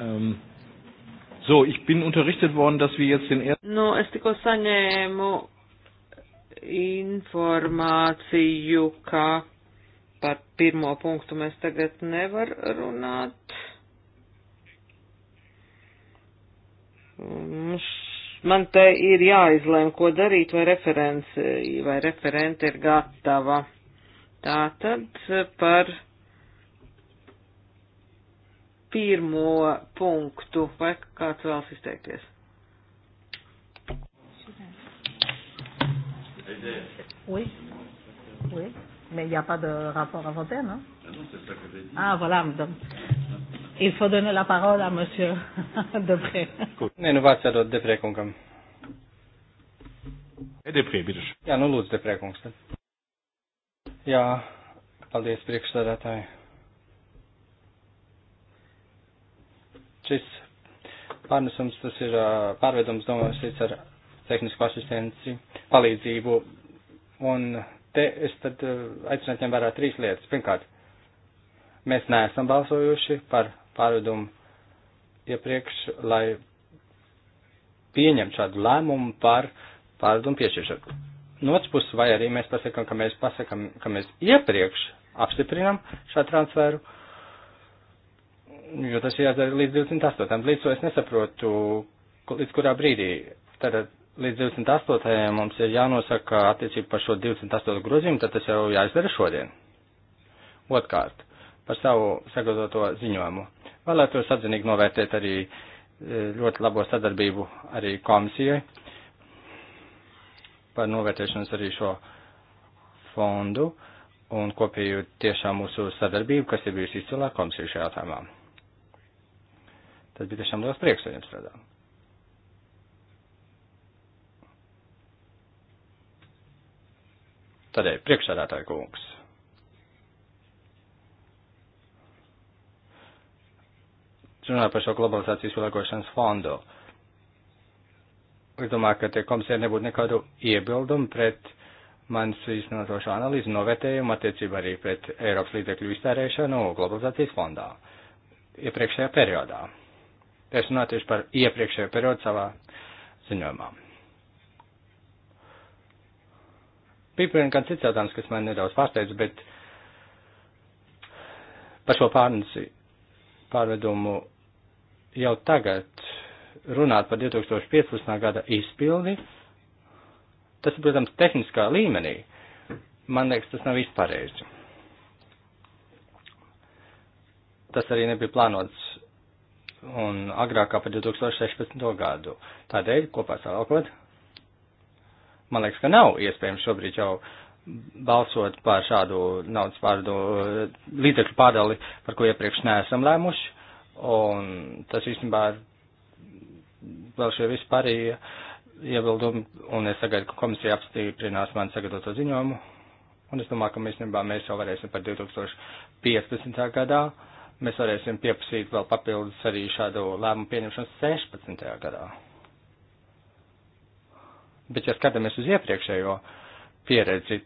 Um, so, ich bin unterrichtet worden, dass wir jetzt den ersten. Nu, es tikko saņēmu informāciju, ka par pirmo punktu mēs tagad nevar runāt. Man te ir jāizlēm, ko darīt, vai referents, vai referente ir gatava. Tātad par pirmo punktu, vai kāds vēlas izteikties? Oui. Oui. Mais il n'y a pas de rapport à voter, non ah, ah, voilà. Donc, il faut donner la parole à monsieur Depré. Nē, nu vārds jādod Depré kungam. E Depré, bijuši. Jā, nu lūdzu, Depré kungs. Tad. Jā, paldies priekšsādātāji. Šis pārnesums, tas ir pārvedums domāsīts ar tehnisku asistenci, palīdzību. Un te es tad aicinātu ņem vērā trīs lietas. Pirmkārt, mēs neesam balsojuši par pārvedumu iepriekš, lai pieņemtu šādu lēmumu par pārvedumu piešķiršanu. No otras puses, vai arī mēs pasakām, ka mēs pasakām, ka mēs iepriekš apstiprinam šādu transferu, uh, jo tas ir jādara līdz 28. Līdz to es nesaprotu, līdz kurā brīdī. Tātad līdz 28. mums ir jānosaka attiecība par šo 28. grozījumu, tad tas jau jāizdara šodien. Otkārt, par savu sagatavoto ziņojumu. Vēlētos atzinīgi novērtēt arī e, ļoti labo sadarbību arī komisijai par novērtēšanas arī šo fondu un kopēju tiešām mūsu sadarbību, kas ir bijusi izcilā komisija šajā tēmā. Tas bija tiešām liels prieks ar jums strādāt. Tādēļ priekšsādātāja kungs. Runāju par šo globalizācijas pielāgošanas fondu. Es domāju, ka tie komisēri nebūtu nekādu iebildumu pret manis iznotošo analīzi novērtējumu attiecībā arī pret Eiropas līdzekļu iztērēšanu globalizācijas fondā iepriekšējā periodā. Es runāju tieši par iepriekšējo periodu savā ziņojumā. Bija pirms gan cits jautājums, kas man nedaudz pārsteidz, bet par šo pārnesi pārvedumu jau tagad runāt par 2015. gada izpildi, tas ir, protams, tehniskā līmenī. Man liekas, tas nav vispārreizi. Tas arī nebija plānots un agrākā par 2016. gadu. Tādēļ, kopā salākot, man liekas, ka nav iespējams šobrīd jau balsot par šādu naudas pārdu līdzekļu pārdali, par ko iepriekš neesam lēmuši, un tas īstenībā ir vēl šie vispārīja iebildumi, un es sagaidu, ka komisija apstiprinās man sagatavoto ziņojumu, un es domāju, ka mēs, nebā, mēs jau varēsim par 2015. gadā mēs varēsim pieprasīt vēl papildus arī šādu lēmumu pieņemšanu 16. gadā. Bet, ja skatāmies uz iepriekšējo pieredzi,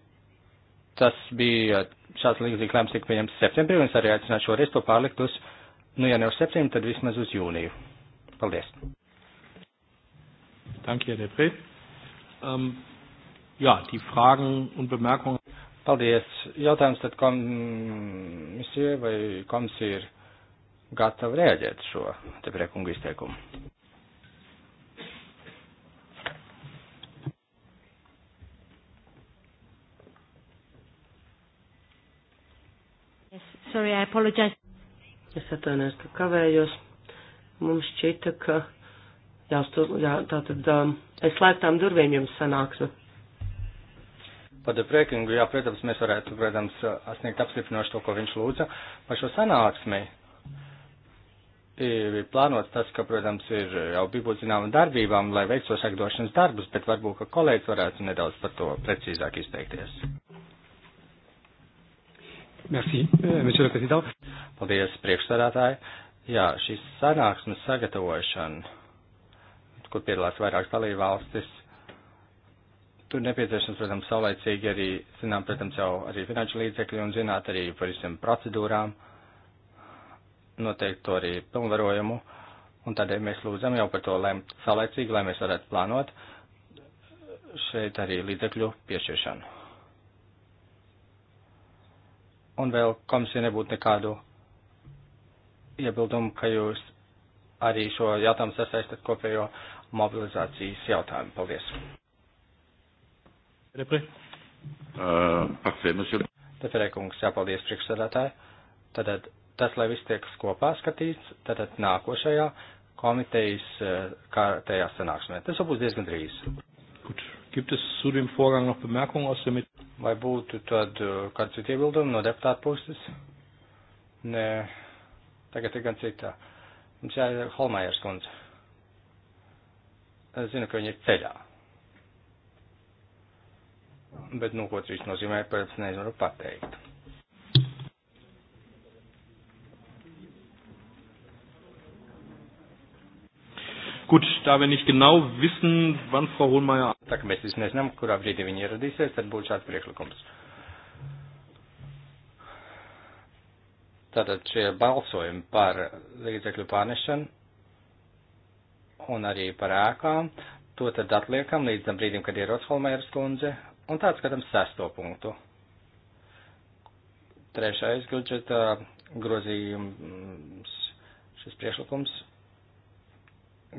tas bija šāds līdzīgs lēmums tika pieņemts septembrī, un es arī aicinātu šoreiz to pārlikt uz, nu, ja ne uz septembrī, tad vismaz uz jūniju. Paldies! Danke, Herr Depré. Ähm, ja, die Fragen und Bemerkungen. Paldies. Jautājums tad komisija vai komisija ir gatava rēģēt šo te priekungu izteikumu? sorry, I apologize. Es atvainojos, ka kavējos. Mums šķita, ka jāuztur, jā, tātad um, aiz slēgtām durvīm jums sanāksme. Par deprēkingu, jā, protams, mēs varētu, protams, sniegt apstiprinoši to, ko viņš lūdza. Par šo sanāksmi ir plānots tas, ka, protams, ir jau bijis zināma darbībām, lai veiktu sekdošanas darbus, bet varbūt, ka kolēģis varētu nedaudz par to precīzāk izteikties. Merci, euh, monsieur le président. Paldies, priekšsādātāji. Jā, šīs sanāksmes sagatavošana, kur piedalās vairākas dalībvalstis Tur nepieciešams, protams, saulaicīgi arī zinām, protams, jau arī finanšu līdzekļi un zināt arī par visiem procedūrām, noteikti to arī pilnvarojumu. Un tādēļ mēs lūdzam jau par to lemt saulaicīgi, lai mēs varētu plānot šeit arī līdzekļu piešķiršanu. Un vēl komisija nebūtu nekādu iebildumu, ka jūs arī šo jautājumu sasaistat kopējo mobilizācijas jautājumu. Paldies! Repre. Uh, parfait, monsieur. Tātad, kungs, jāpaldies priekšsēdētāji. Tātad tas, lai viss tiek kopā skatīts, tātad nākošajā komitejas uh, kārtējā sanāksmē. Tas jau būs diezgan drīz. Gut. Gibt es zu dem Vorgang noch Bemerkungen aus dem Vai būtu tad uh, kāds cits iebildumi no deputāta puses? Nē, tagad ir gan citā. Mums jāiet Holmajers kundze. Es zinu, ka viņa ir ceļā bet, nu, ko tas viss nozīmē, pēc nezinu pateikt. Gut, da wir nicht genau wissen, wann Frau Hohlmeier. Tā kā mēs visi nezinām, kurā brīdī viņa ieradīsies, tad būtu šāds priekšlikums. Tātad šie balsojumi par līdzekļu pārnešanu un arī par ēkām, to tad atliekam līdz tam brīdim, kad ierodas Holmēras kundze Un tāds skatām sesto punktu. Trešais budžeta grozījums, šis priešlikums,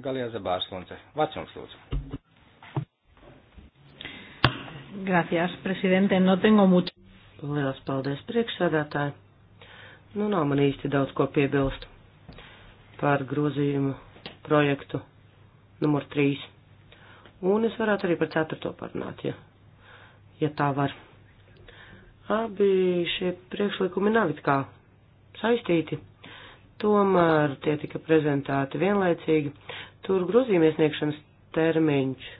Galija Zabārslundze. Vārds jums lūdzu. Gracias, presidente. No tengo mucho. Lielas paldies, priekšsēdētāji. Nu, nav man īsti daudz ko piebilst par grozījumu projektu numur 3. Un es varētu arī par 4. parunāt, ja ja tā var. Abi šie priekšlikumi nav it kā saistīti, tomēr tie tika prezentēti vienlaicīgi. Tur grozījuma iesniegšanas termiņš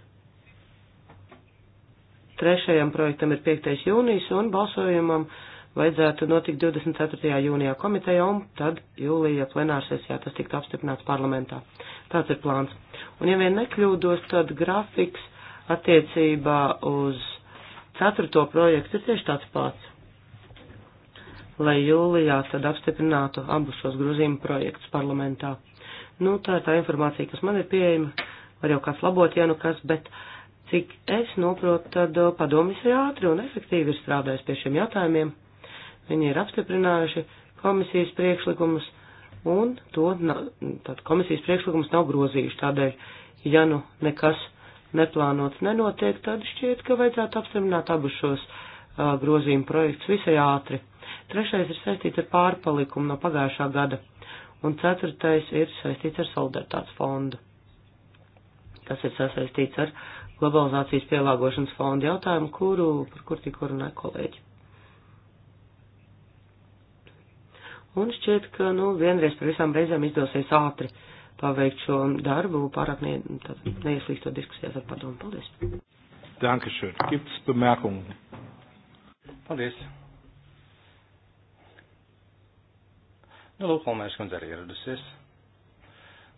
trešajam projektam ir 5. jūnijas un balsojumam vajadzētu notikt 24. jūnijā komitejā un tad jūlija plenārsesijā tas tiktu apstiprināts parlamentā. Tāds ir plāns. Un ja vien nekļūdos, tad grafiks attiecībā uz ceturto projektu ir tieši tāds pats, lai jūlijā tad apstiprinātu abus šos grozījumu projektus parlamentā. Nu, tā ir tā informācija, kas man ir pieejama, var jau kāds labot, ja nu kas, bet cik es noprotu, tad uh, padomis ir ātri un efektīvi ir strādājis pie šiem jautājumiem. Viņi ir apstiprinājuši komisijas priekšlikumus un to, tad komisijas priekšlikumus nav grozījuši, tādēļ, ja nu nekas neplānots nenotiek, tad šķiet, ka vajadzētu apstiprināt abus šos uh, grozījumu projektus visai ātri. Trešais ir saistīts ar pārpalikumu no pagājušā gada, un ceturtais ir saistīts ar solidaritātes fondu, kas ir sasaistīts ar globalizācijas pielāgošanas fondu jautājumu, kuru, par kur tikko runāja kolēģi. Un šķiet, ka, nu, vienreiz par visām reizēm izdosies ātri uh, paveikt šo darbu, pārāk ne, neieslīgstot diskusijās ar padomu. Paldies! Dankeschön. Gibt's Bemerkungen? Paldies! Nu, lūk, Holmērs kundze arī ieradusies.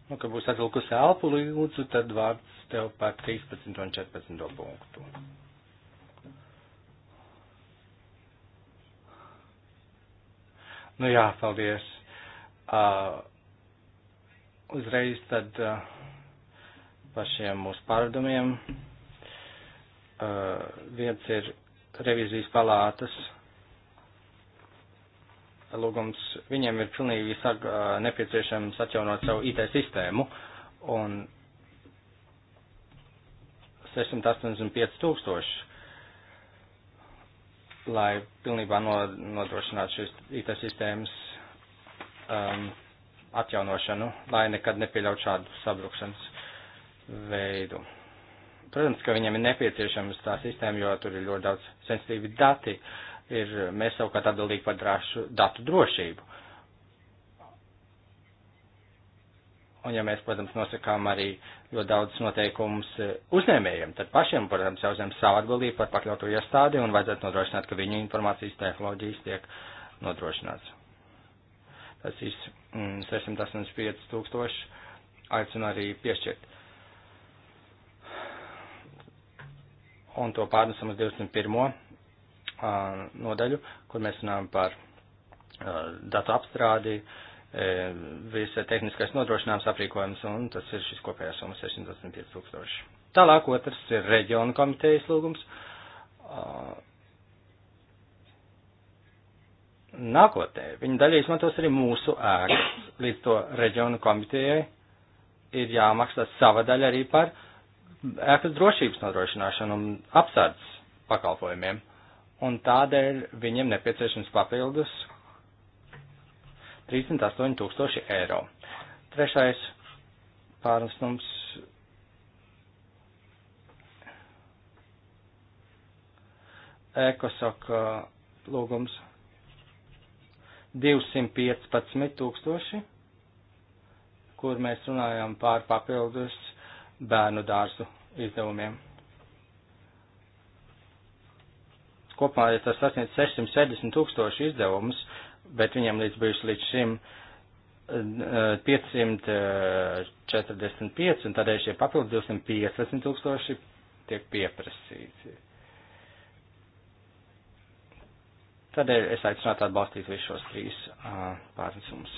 Nu, ka būs atvilkusi elpu, lūdzu, tad vārds tev par 13 un 14 punktu. Nu jā, paldies. Uh, uzreiz tad eh, par šiem mūsu pārdomiem. Eh, viens ir revizijas palātas lūgums. Viņiem ir pilnīgi eh, nepieciešams atjaunot savu IT sistēmu. Un 685 tūkstoši, lai pilnībā nodrošinātu šīs IT sistēmas um, atjaunošanu, lai nekad nepieļaut šādu sabrukšanas veidu. Protams, ka viņiem ir nepieciešams tā sistēma, jo tur ir ļoti daudz sensitīvi dati. Ir, mēs savukārt atbildīgi par drāšu datu drošību. Un ja mēs, protams, nosakām arī ļoti daudz noteikumus uzņēmējiem, tad pašiem, protams, jāuzņem savu atbildību par pakļautu iestādi un vajadzētu nodrošināt, ka viņu informācijas tehnoloģijas tiek nodrošināts. Tas viss 685 mm, tūkstoši aicinu arī piešķirt. Un to pārnesam uz 21. nodaļu, kur mēs runājam par datu apstrādi, visa tehniskais nodrošinājums aprīkojums, un tas ir šis kopējās summas 685 tūkstoši. Tālāk otrs ir reģiona komitejas lūgums. Uh, nākotnē. Viņa daļai izmantos arī mūsu ēkas. Līdz to reģionu komitejai ir jāmaksā sava daļa arī par ēkas drošības nodrošināšanu un apsardzes pakalpojumiem. Un tādēļ viņiem nepieciešams papildus 38 tūkstoši eiro. Trešais pārnestums ekosaka lūgums 215 tūkstoši, kur mēs runājam pār papildus bērnu dārzu izdevumiem. Kopumā, ja tas sasniedz 670 tūkstoši izdevumus, bet viņam līdz bijuši līdz šim 545, eh, eh, un tādēļ šie papildus 215 tūkstoši tiek pieprasīti. Tādēļ es aicinātu atbalstīt visus šos trīs uh, pārnesumus.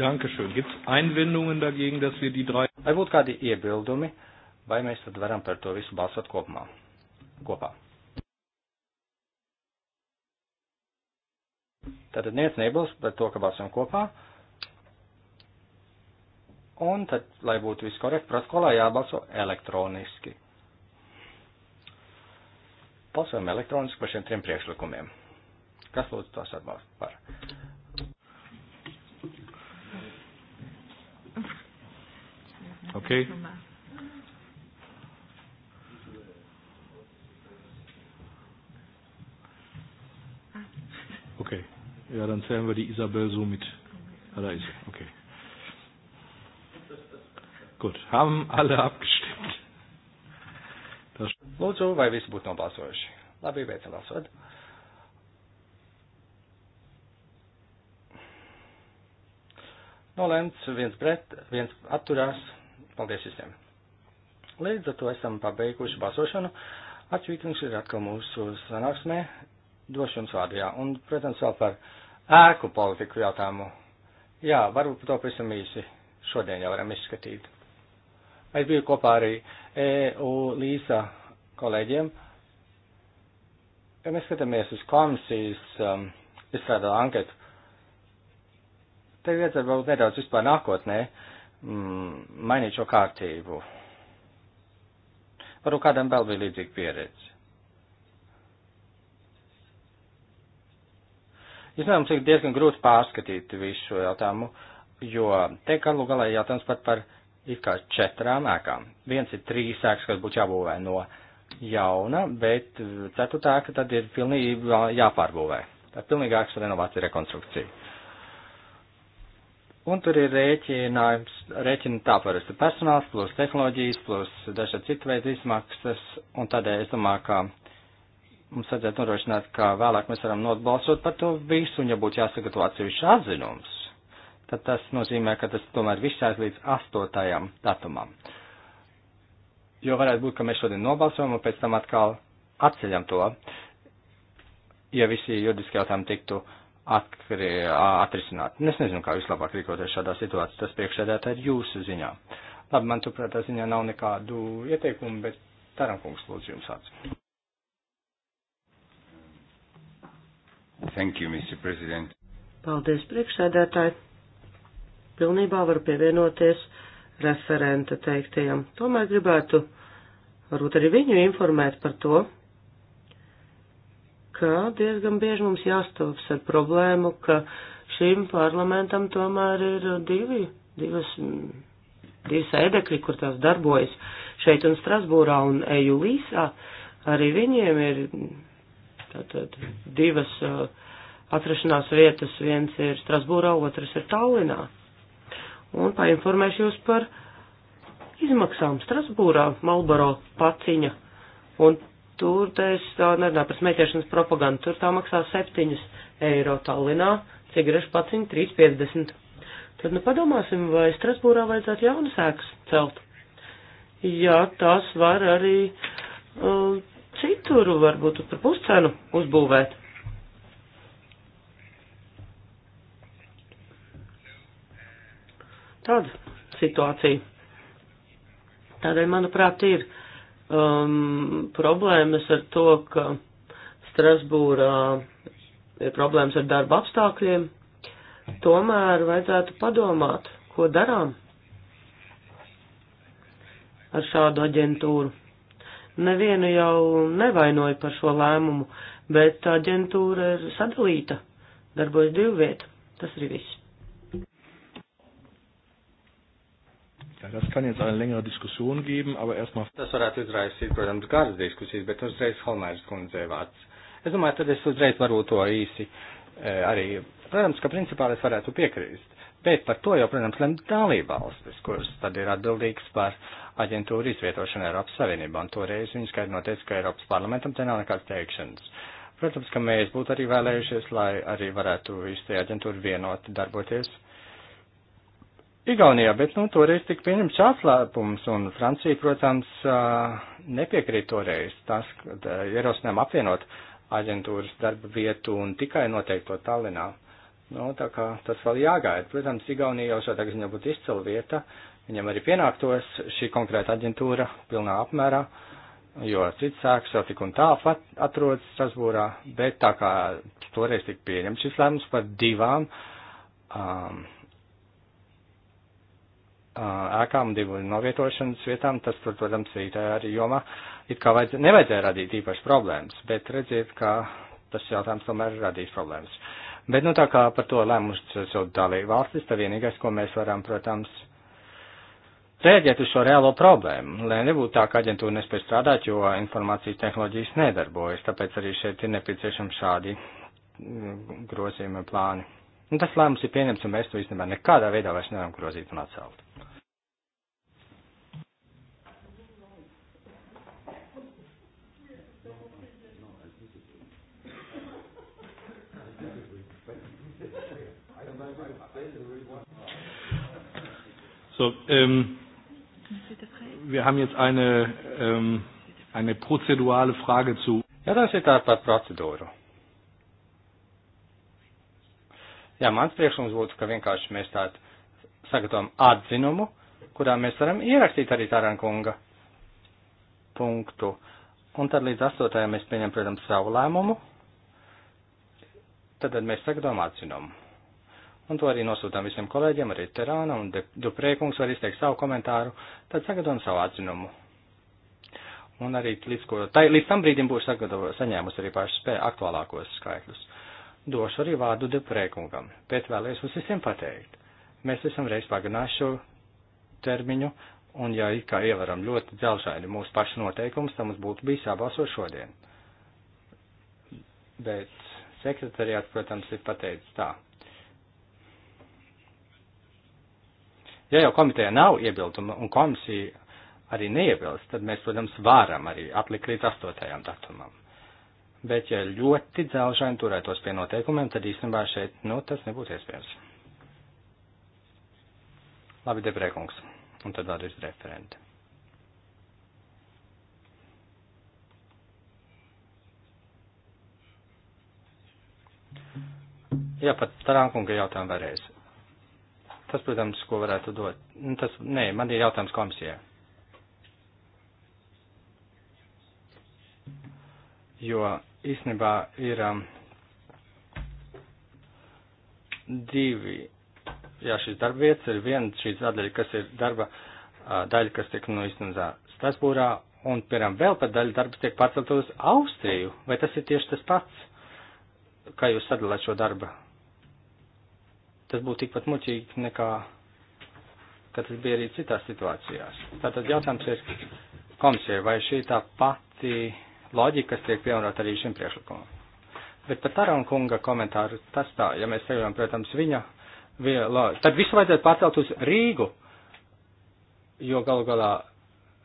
Dankeschön. Gibt es Einwendungen dagegen, dass wir die drei. Vai būtu kādi iebildumi, vai mēs tad varam par to visu balsot kopumā? Kopā. Tātad neviens nebilst par to, ka balsojam kopā. Un tad, lai būtu viss korekti, protokolā jābalso elektroniski. Balsojam elektroniski par šiem trim priekšlikumiem. Kas lūdzu tos atbalsta par? Okay. Okay. Ja, dann zählen wir die Isabel so mit. Ah, da ist sie. Er- okay. Gut. Haben alle abgestimmt? Lūdzu, vai visi būtu nobalsojuši? Labi, beidzam balsot. Nolēmts, viens pret, viens atturās. Paldies visiem. Līdz ar to esam pabeiguši balsošanu. Atšķirīgs ir atkal mūsu sanāksmē. Došu jums vārdu, jā. Un, protams, vēl par ēku politiku jautājumu. Jā, varbūt to pavisam īsi šodien jau varam izskatīt. Es biju kopā arī EU Līsa kolēģiem, ja mēs skatāmies uz komisijas um, izstrādātu anketu, te vietas varbūt nedaudz vispār nākotnē mm, mainīt šo kārtību. Varbūt kādam vēl bija līdzīga pieredze. Es domāju, cik diezgan grūti pārskatīt visu šo jautājumu, jo te galu galā jautājums pat par it kā četrām ēkām. Viens ir trīs ēkas, kas būtu jābūvē no uh, jauna, bet eh, ceturtā ēka tad ir pilnībā jāpārbūvē. Tā ir pilnīgāks renovācija rekonstrukcija. Un tur ir rēķinājums, rēķina tā parasti personāls, plus tehnoloģijas, plus dažādi citu veidu izmaksas, un tādēļ es domāju, ka mums vajadzētu nodrošināt, ka vēlāk mēs varam notbalsot par to visu, un ja būtu jāsagatavo atsevišķi atzinums, tad tas nozīmē, ka tas tomēr viss aiz līdz 8. datumam jo varētu būt, ka mēs šodien nobalsojam un pēc tam atkal atceļam to, ja visi juridiski jautājumi tiktu atkri, atrisināti. Es nezinu, kā vislabāk rīkoties šādā situācijā, tas priekšsēdētā ir jūsu ziņā. Labi, man turprāt, tā ziņā nav nekādu ieteikumu, bet Tarankungs lūdzu jums atsīt. Thank you, Mr. President. Paldies, priekšsēdētāji. Pilnībā varu pievienoties referenta teiktajam. Tomēr gribētu varbūt arī viņu informēt par to, ka diezgan bieži mums jāstops ar problēmu, ka šim parlamentam tomēr ir divi, divas, divi sēdekļi, kur tās darbojas šeit un Strasbūrā un Eju Līsā. Arī viņiem ir tātad divas uh, atrašanās vietas, viens ir Strasbūrā, otrs ir Tallinā un painformēšu jūs par izmaksām Strasbūrā, Malboro paciņa, un tur es nerunāju par smēķēšanas propagandu, tur tā maksā 7 eiro Tallinā, cigarešu paciņa 3,50. Tad nu padomāsim, vai Strasbūrā vajadzētu jaunas ēkas celt. Jā, tās var arī uh, citur varbūt par puscenu uzbūvēt. Tāda situācija. Tādēļ, manuprāt, ir um, problēmas ar to, ka Strasbūrā ir problēmas ar darba apstākļiem. Tomēr vajadzētu padomāt, ko darām ar šādu aģentūru. Nevienu jau nevainoju par šo lēmumu, bet aģentūra ir sadalīta, darbojas divu vietu. Tas ir viss. Ja, das kann jetzt eine längere Diskussion geben, aber erstmal. Tas varētu izraisīt, protams, garas diskusijas, bet uzreiz Holmēras kundze vārds. Es domāju, tad es uzreiz varu to īsi e, arī. Protams, ka principā es varētu piekrīst, bet par to jau, protams, lem dalībvalstis, kuras tad ir atbildīgas par aģentūru izvietošanu Eiropas Savienībā, un toreiz viņi skaidri noteica, ka Eiropas parlamentam te nav nekāds teikšanas. Protams, ka mēs būtu arī vēlējušies, lai arī varētu visi tie aģentūri vienoti darboties Igaunijā, bet, nu, toreiz tik pieņemts atslēpums, un Francija, protams, nepiekrīt toreiz tas, kad ierosinām apvienot aģentūras darba vietu un tikai noteikto Tallinā. Nu, tā kā tas vēl jāgaida. Protams, Igaunija jau šādā ziņā būtu izcila vieta, viņam arī pienāktos šī konkrēta aģentūra pilnā apmērā, jo cits sēks jau tik un tā atrodas Strasbūrā, bet tā kā toreiz tik pieņemts šis lēmums par divām. Um, ēkām un divu novietošanas vietām, tas, protams, arī tajā arī jomā it kā vajadz, nevajadzēja radīt īpašas problēmas, bet redziet, ka tas jautājums tomēr radīs problēmas. Bet, nu, tā kā par to lēmušas jau dalīja valstis, tad vienīgais, ko mēs varam, protams, rēģēt uz šo reālo problēmu, lai nebūtu tā, ka aģentūra nespēj strādāt, jo informācijas tehnoloģijas nedarbojas, tāpēc arī šeit ir nepieciešami šādi mm, grozījumi plāni. Un tas lēmums ir pieņemts, un mēs to īstenībā nekādā veidā vairs nevaram grozīt un atcelt. So, ähm, wir haben jetzt eine, ähm, eine prozedurale Frage zu. Ja, tas ir tā par procedūru. Jā, mans priekšlikums būtu, ka vienkārši mēs tādu sagatavojam atzinumu, kurā mēs varam ierakstīt arī Tarankunga punktu. Un tad līdz 8. mēs pieņem, protams, savu lēmumu. Tad, tad mēs sagatavojam atzinumu un to arī nosūtām visiem kolēģiem, arī Terāna un Duprēkungs var izteikt savu komentāru, tad sagatavojam savu atzinumu. Un arī līdz, ko, tai, līdz tam brīdim būs saņēmusi arī pašas spēja aktuālākos skaitļus. Došu arī vārdu Duprēkungam, bet vēlēs mums visiem pateikt. Mēs esam reiz pagarinājuši šo termiņu, un ja it kā ievaram ļoti dzelžaini mūsu pašu noteikumus, tad mums būtu bijis jābalso šodien. Bet sekretariāts, protams, ir pateicis tā Ja jau komitejā nav iebilduma un komisija arī neiebilst, tad mēs, protams, varam arī atlikt līdz 8. datumam. Bet, ja ļoti dzelžaini turētos pie noteikumiem, tad īstenībā šeit, nu, tas nebūtu iespējams. Labi, Debrēkungs, un tad vēlreiz referenti. Jā, pat Tarankunga jautājumu vēlreiz. Tas, protams, ko varētu dot. Nu, tas, nē, man ir jautājums komisijai. Jo īstenībā ir um, divi, jā, šīs darba vietas ir viena šīs daļa, kas ir darba uh, daļa, kas tiek nu īstenībā Strasbūrā, un, piemēram, vēl pat daļa darbas tiek pārcelt uz Austriju. Vai tas ir tieši tas pats, kā jūs sadalāt šo darba tas būtu tikpat muļķīgi nekā, kad tas bija arī citās situācijās. Tātad jautājums ir komisijai, vai šī tā pati loģika, kas tiek pievienot arī šim priekšlikumam. Bet par Tarāna kunga komentāru tas tā, ja mēs sekojam, protams, viņa, viņa loģika, tad visu vajadzētu pārcelt uz Rīgu, jo galu galā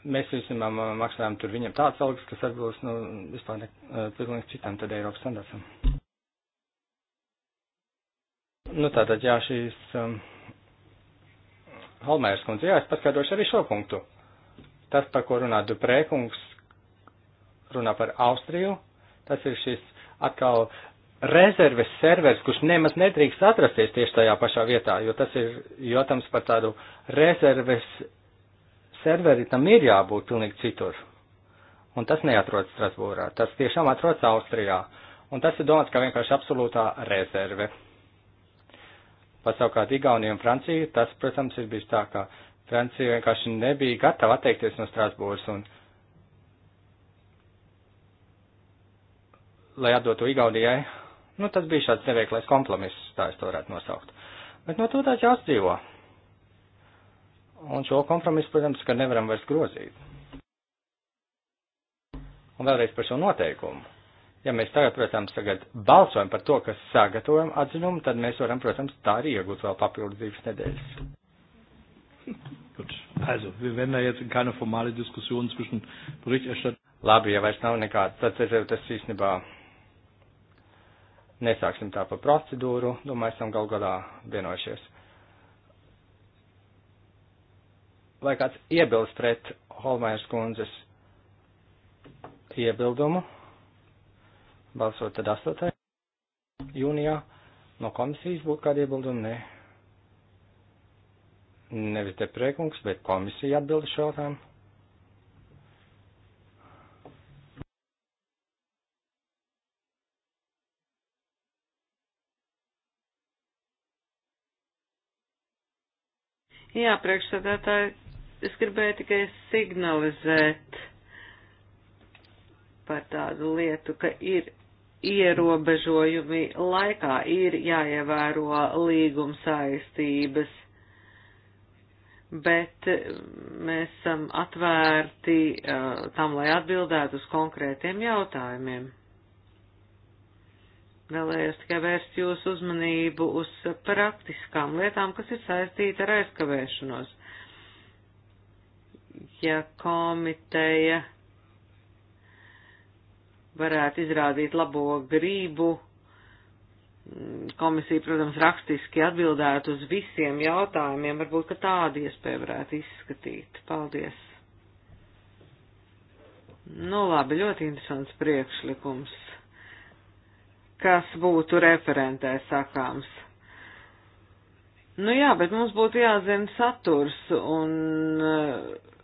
mēs visiem maksājam tur viņam tāds algas, kas atbilst, nu, vispār ne, eh, pilnīgi citam tad Eiropas standartam. Nu, tātad, jā, šīs um, Halmēras kundze, jā, es paskaidrošu arī šo punktu. Tas, par ko runā Duprēkungs, runā par Austriju, tas ir šis atkal rezerves servers, kurš nemaz nedrīkst atrasties tieši tajā pašā vietā, jo tas ir jautājums par tādu rezerves serveri, tam ir jābūt pilnīgi citur. Un tas neatrodas Strasbūrā, tas tiešām atrodas Austrijā. Un tas ir domāts kā vienkārši absolūtā rezerve. Pat savukārt Igaunija un Francija, tas, protams, ir bijis tā, ka Francija vienkārši nebija gatava atteikties no Strasbūras un, lai atdotu Igaunijai, nu, tas bija šāds neveiklais kompromiss, tā es to varētu nosaukt. Bet no to tāds jāatdzīvo. Un šo kompromisu, protams, ka nevaram vairs grozīt. Un vēlreiz par šo noteikumu ja mēs tagad, protams, tagad balsojam par to, kas sagatavojam atzinumu, tad mēs varam, protams, tā arī iegūt vēl papildus divas nedēļas. Gut. Also, wir werden da jetzt in keine formale Diskussion zwischen Berichterstatter. Labi, ja vairs nav nekāds, tad es jau tas īstenībā nesāksim tā par procedūru, domāju, esam gal galā vienojušies. Vai kāds iebilst pret Holmēras kundzes iebildumu? balsot tad 8. jūnijā. No komisijas būtu kādi iebildumi? Nē. Ne. Nevis te priekungs, bet komisija atbild šo jautājumu. Jā, priekšsēdētāji, es gribēju tikai signalizēt par tādu lietu, ka ir ierobežojumi laikā ir jāievēro līguma saistības, bet mēs esam atvērti uh, tam, lai atbildētu uz konkrētiem jautājumiem. Vēlējos tikai vērst jūsu uzmanību uz praktiskām lietām, kas ir saistīta ar aizkavēšanos. Ja komiteja varētu izrādīt labo grību. Komisija, protams, rakstiski atbildētu uz visiem jautājumiem, varbūt, ka tādu iespēju varētu izskatīt. Paldies! Nu labi, ļoti interesants priekšlikums. Kas būtu referentē sakāms? Nu jā, bet mums būtu jāzina saturs un uh,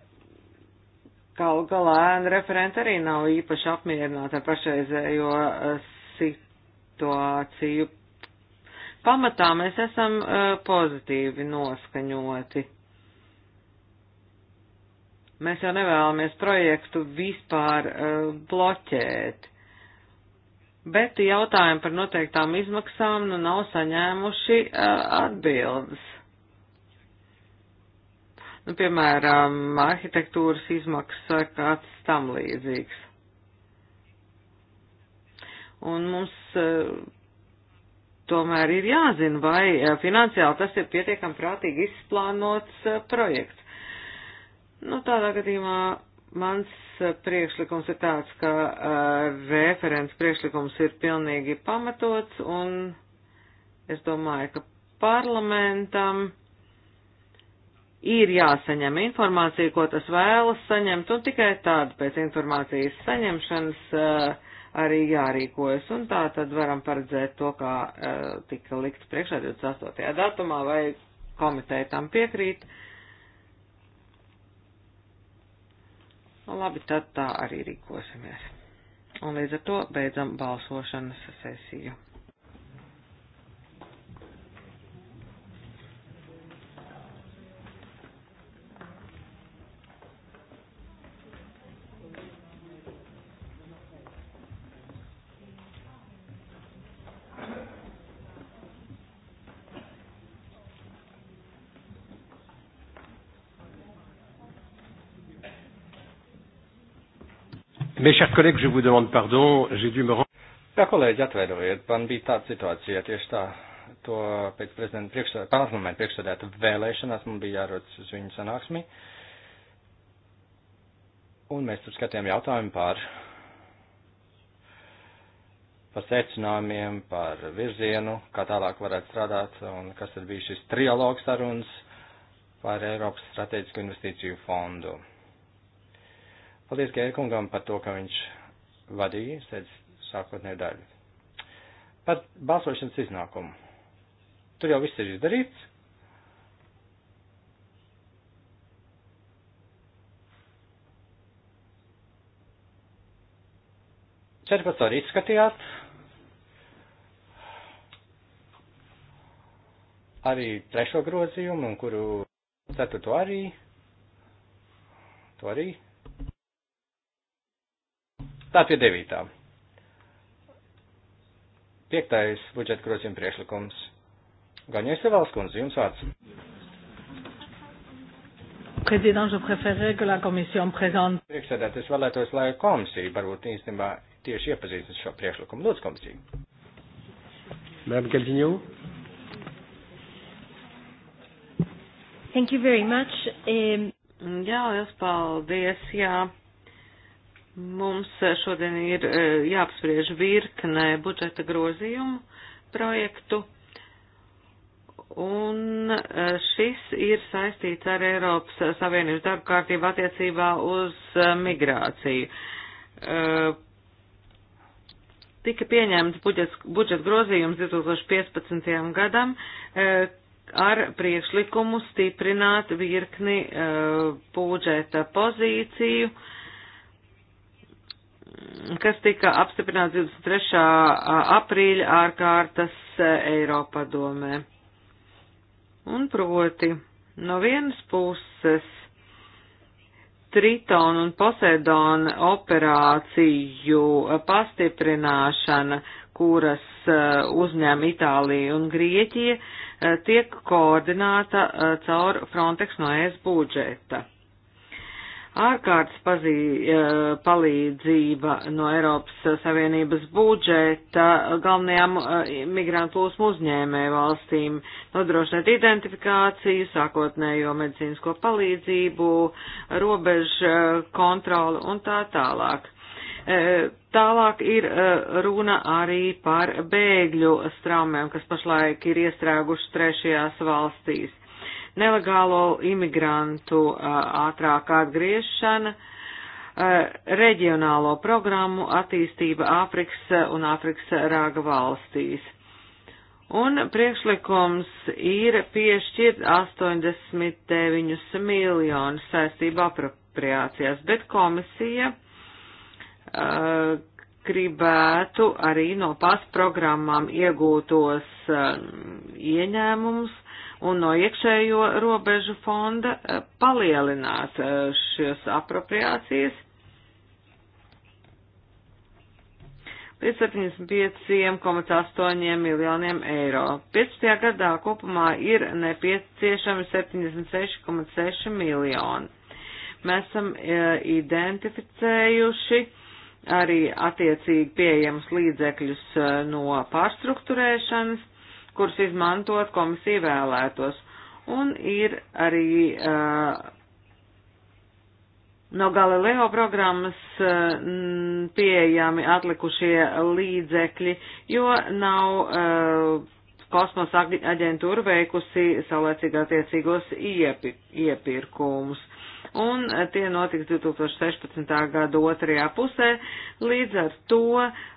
Galu galā ēna referenta arī nav īpaši apmierināta ar pašreizējo eh, situāciju. Pamatā mēs esam eh, pozitīvi noskaņoti. Mēs jau nevēlamies projektu vispār eh, bloķēt bet jautājumi par noteiktām izmaksām nu nav saņēmuši uh, atbildes nu, piemēram, arhitektūras izmaksas vai kāds tam līdzīgs. Un mums eh, tomēr ir jāzina, vai eh, finansiāli tas ir pietiekami prātīgi izplānots eh, projekts. Nu, tādā gadījumā mans priekšlikums ir tāds, ka uh, referents priekšlikums ir pilnīgi pamatots, un es domāju, ka parlamentam uh, ir jāsaņem informācija, ko tas vēlas saņemt, un tikai tad pēc informācijas saņemšanas uh, arī jārīkojas, un tā tad varam paredzēt to, kā uh, tika likts priekšā 28. datumā, vai komiteja tam piekrīt. Labi, tad tā arī rīkosimies. Un līdz ar to beidzam balsošanas sesiju. Mes chers collègues, je vous demande pardon, j'ai dû me rendre. Jā, kolēģi, atvainojiet, man bija tāda situācija, tieši tā, to pēc prezidenta priekšsēdētāja, parlamenta priekšsēdētāja vēlēšanās man bija jārodas uz viņu sanāksmi. Un mēs tur skatījām jautājumu par, par secinājumiem, par virzienu, kā tālāk varētu strādāt un kas tad bija šis trialogs sarunas par Eiropas strateģisku investīciju fondu. Paldies Gērkungam par to, ka viņš vadīja sēdes sākotnēju daļu. Par balsošanas iznākumu. Tur jau viss ir izdarīts. Četrpadsmit arī skatījāt. Arī trešo grozījumu, un kuru ceturto arī. To arī. Tā pie devītā. Piektais budžeta grozījuma priekšlikums. Gaņais Evalskundze, jums vārds. Président, je préférerais que la commission présente. Priekšsēdētājs vēlētos, lai komisija varbūt īstenībā tieši iepazīstas šo priekšlikumu. Lūdzu, komisija. Madame Calvino. Thank you very much. Um, jā, liels paldies, jā. Mums šodien ir e, jāapspriež virknē budžeta grozījumu projektu, un e, šis ir saistīts ar Eiropas Savienības darba kārtību attiecībā uz e, migrāciju. Tika pieņemts budžets, budžeta grozījums 2015. gadam ar priekšlikumu stiprināt virkni budžeta pozīciju, uh, kas tika apstiprināts 23. aprīļa ārkārtas Eiropadomē. Un proti, no vienas puses Triton un Poseidon operāciju pastiprināšana, kuras uzņem Itālija un Grieķija, tiek koordināta caur Frontex no ES budžeta ārkārtas pazī, eh, palīdzība no Eiropas Savienības budžeta galvenajām eh, migrantu plūsmu uzņēmēju valstīm, nodrošināt identifikāciju, sākotnējo medicīnisko palīdzību, robežu eh, kontroli un tā tālāk. Tālāk ir runa arī par bēgļu straumēm, kas pašlaik ir iestrēguši trešajās valstīs nelegālo imigrantu ātrākā atgriešana, reģionālo programmu attīstība Āfrikas un Āfrikas rāga valstīs. Un priekšlikums ir piešķirt 89 miljonus saistību apropriācijās, bet komisija uh, gribētu arī no PAS programmām iegūtos uh, ieņēmumus un no iekšējo robežu fonda eh, palielināt eh, šīs apropriācijas līdz 75,8 miljoniem eiro. 15. gadā kopumā ir nepieciešami 76,6 miljoni. Mēs esam e, identificējuši arī attiecīgi pieejams līdzekļus e, no pārstruktūrēšanas kurus izmantot komisija vēlētos. Un ir arī uh, no Galileo programmas uh, pieejami atlikušie līdzekļi, jo nav uh, kosmosa aģentūra veikusi saulēcīgi attiecīgos iepirkumus un tie notiks 2016. gada otrajā pusē. Līdz ar to,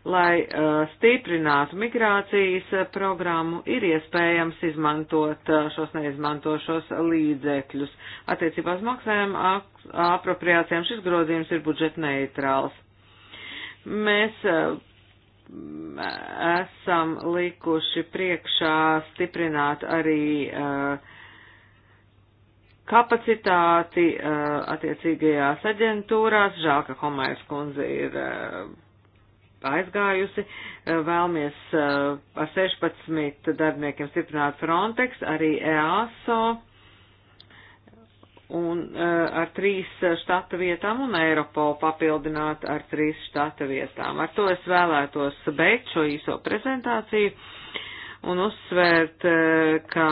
lai uh, stiprinātu migrācijas uh, programmu, ir iespējams izmantot uh, šos neizmantošos līdzekļus. Attiecībā uz maksājumu apropriācijām šis grozījums ir budžeta neitrāls. Mēs esam likuši priekšā stiprināt arī uh, kapacitāti uh, attiecīgajās aģentūrās. Žēl, ka Homērs kundze ir uh, aizgājusi. Uh, vēlamies ar 16 darbiniekiem stiprināt Frontex, arī EASO un ar trīs štata vietām un Eiropolu papildināt ar trīs štata vietām. Ar to es vēlētos beigt šo īso prezentāciju un uzsvērt, ka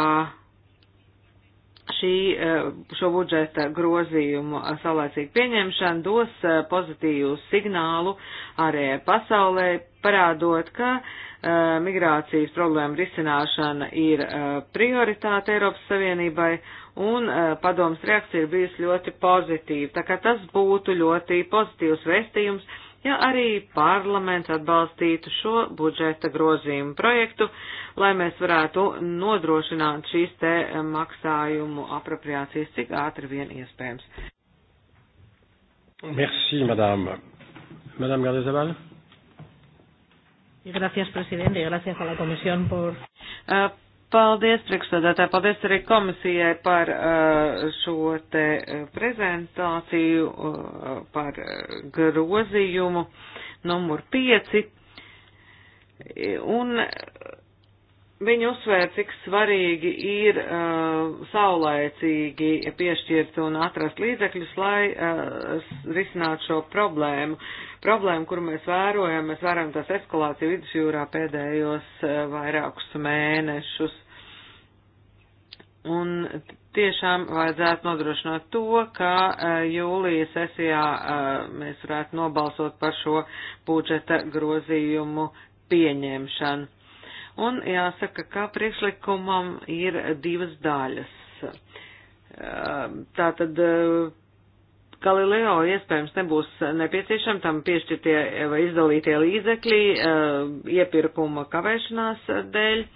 šī, eh, šo budžeta grozījumu saulēcīgu pieņemšanu dos eh, pozitīvu signālu arī pasaulē, parādot, ka eh, migrācijas problēma risināšana ir prioritāte Eiropas Savienībai un padomas reakcija ir bijusi ļoti pozitīva. Tā kā tas būtu ļoti pozitīvs vēstījums ja arī parlaments atbalstītu šo budžeta grozījumu projektu, lai mēs varētu nodrošināt šīs te maksājumu apropriācijas cik ātri vien iespējams. Merci, madame. Madame Gardezabal. Gracias, presidente. Gracias a la comisión por. Uh, Paldies, priekšstādātā. Paldies arī komisijai par uh, šo te uh, prezentāciju, uh, par grozījumu numur 5. Un viņi uzsvēra, cik svarīgi ir saulēcīgi piešķirt un atrast līdzekļus, lai risinātu šo problēmu. Problēmu, kuru mēs vērojam, mēs vērojam tās eskalāciju vidusjūrā pēdējos vairākus mēnešus Un tiešām vajadzētu nodrošināt to, ka e, jūlijas sesijā e, mēs varētu nobalsot par šo budžeta grozījumu pieņemšanu. Un jāsaka, ka priekšlikumam ir divas daļas. E, tātad Galileo iespējams nebūs nepieciešama tam piešķirtie vai izdalītie līdzekļi iepirkuma kavēšanās dēļ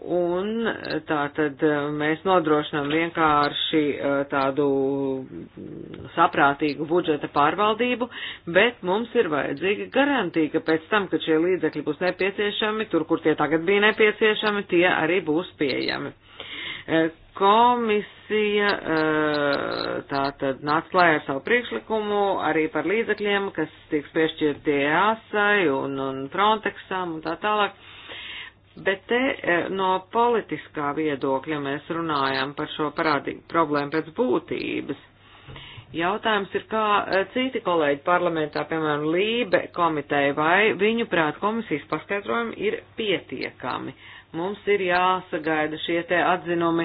Un tā tad eh, mēs nodrošinām vienkārši eh, tādu saprātīgu budžeta pārvaldību, bet mums ir vajadzīga garantija, ka pēc tam, kad šie līdzekļi būs nepieciešami, tur, kur tie tagad bija nepieciešami, tie arī būs pieejami. Eh, komisija tā tad nāca klājā ar savu priekšlikumu arī par līdzekļiem, kas tiks piešķirti e ASAI un, un Frontexam un tā tālāk Bet te e, no politiskā viedokļa mēs runājam par šo parādību problēmu pēc būtības. Jautājums ir, kā e, citi kolēģi parlamentā, piemēram, Lībe komiteja, vai viņu prāt komisijas paskaidrojumi ir pietiekami. Uh, mums ir jāsagaida šie te atzinumi.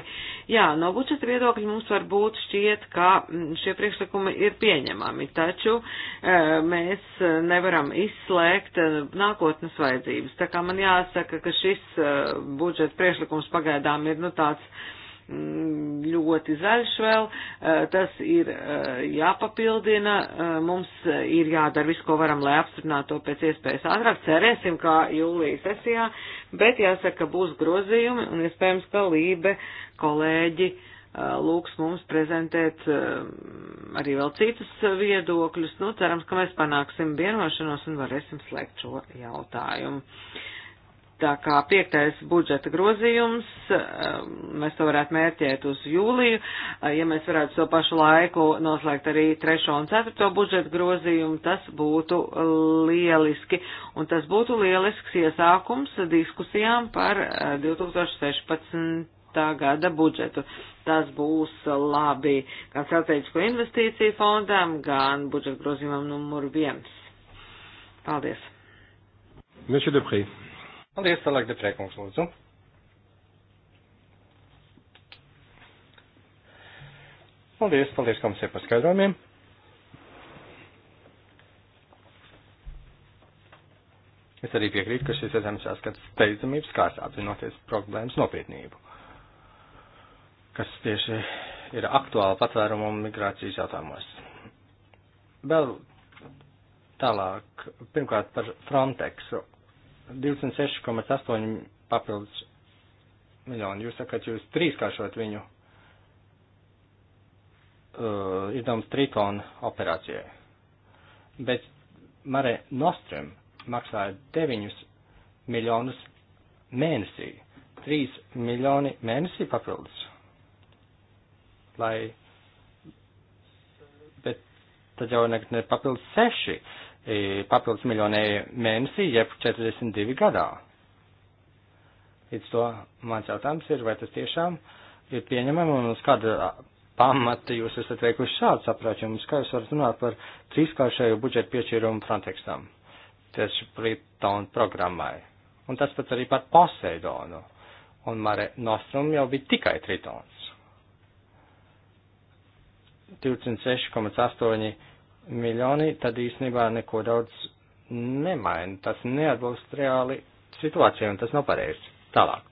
Jā, no budžeta viedokļa mums varbūt šķiet, ka mm, šie priekšlikumi ir pieņemami, taču e, mēs nevaram izslēgt e, nākotnes vajadzības. Tā kā man jāsaka, ka šis e, budžeta priekšlikums pagaidām ir nu tāds Mm, ļoti zaļš vēl, eh, tas ir eh, jāpapildina, eh, mums ir jādara viss, ko varam, lai apstiprinātu to pēc iespējas ātrāk, cerēsim, kā jūlijas sesijā, bet jāsaka, ka būs grozījumi un iespējams, ka lībe kolēģi lūgs mums prezentēt arī vēl citus viedokļus. Nu, cerams, ka mēs panāksim vienošanos un varēsim slēgt šo jautājumu. Tā kā piektais budžeta grozījums, um, mēs to varētu mērķēt uz jūliju, uh, ja mēs varētu to pašu laiku noslēgt arī trešo un ceturto budžeta grozījumu, tas būtu lieliski. Un tas būtu lielisks iesākums diskusijām par 2016. Uh, gada budžetu. Tas būs labi gan strateģisko investīciju fondam, gan budžeta grozījumam numur viens. Paldies. Monsieur Depré. Paldies, tālāk deprēkums, lūdzu. Paldies, paldies komisijai par skaidrojumiem. Es arī piekrītu, ka šis zemes jāskatās steidzamības kārtā, apzinoties problēmas nopietnību, kas tieši ir aktuāla patvērumu un migrācijas jautājumos. Vēl tālāk, pirmkārt par Frontexu 26,8 papildus miljoni. Jūs sakat, jūs trīskāršot viņu uh, izdevums Triton operācijai. Bet Mare Nostrum maksāja 9 miljonus mēnesī. 3 miljoni mēnesī papildus. Lai, bet tad jau nekad nepapildus 6 E, papildus miljonu eiro mēnesī, jeb 42 gadā. Līdz to mans jautājums ir, vai tas tiešām ir pieņemami un uz kāda pamata jūs esat veikuši šādu saprāķumu, kā jūs varat runāt par trīskāršēju budžetu piešķīrumu Frontexam, tieši Britānu programmai. Un tas pats arī par Poseidonu. Un Mare Nostrum jau bija tikai Tritons. 26,8 miljoni, tad īstenībā neko daudz nemaina. Tas neatbilst reāli situācijai, un tas nav pareizi. Tālāk.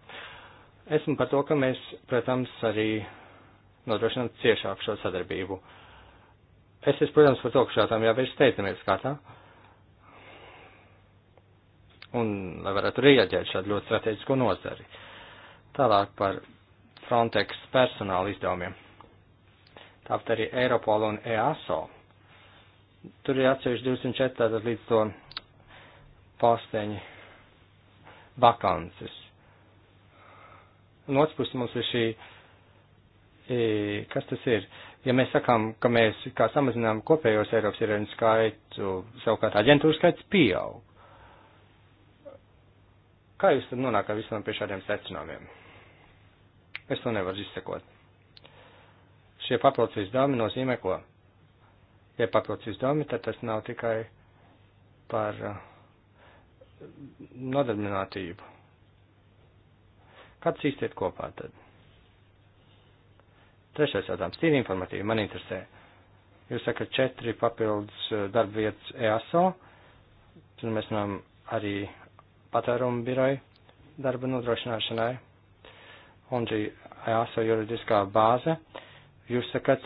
Esmu par to, ka mēs, protams, arī nodrošinām ciešāku šo sadarbību. Es esmu, protams, par to, ka šādām jāvērš steidzamības kārtā. Un lai varētu rieģēt šādu ļoti strateģisku nozari. Tālāk par Frontex personāla izdevumiem. Tāpat arī Eiropola un EASO Tur ir atsevišķi 204 tātad līdz to posteņu vakances. No otras puses mums ir šī, e, kas tas ir? Ja mēs sakām, ka mēs kā samazinām kopējos Eiropas ierēģu skaitu, savukārt aģentūru skaits pieaug. Kā jūs tad nonākat visam pie šādiem secinājumiem? Es to nevaru izsekot. Šie papildus izdevumi nozīmē ko? ja papildus izdevumi, tad tas nav tikai par uh, nodarbinātību. Kāds īstiet kopā tad? Trešais jautājums, tīri informatīvi, man interesē. Jūs sakat četri papildus uh, darba vietas EASO, tad mēs runājam arī patērumu biroju darba nodrošināšanai, un šī EASO juridiskā bāze. Jūs sakat,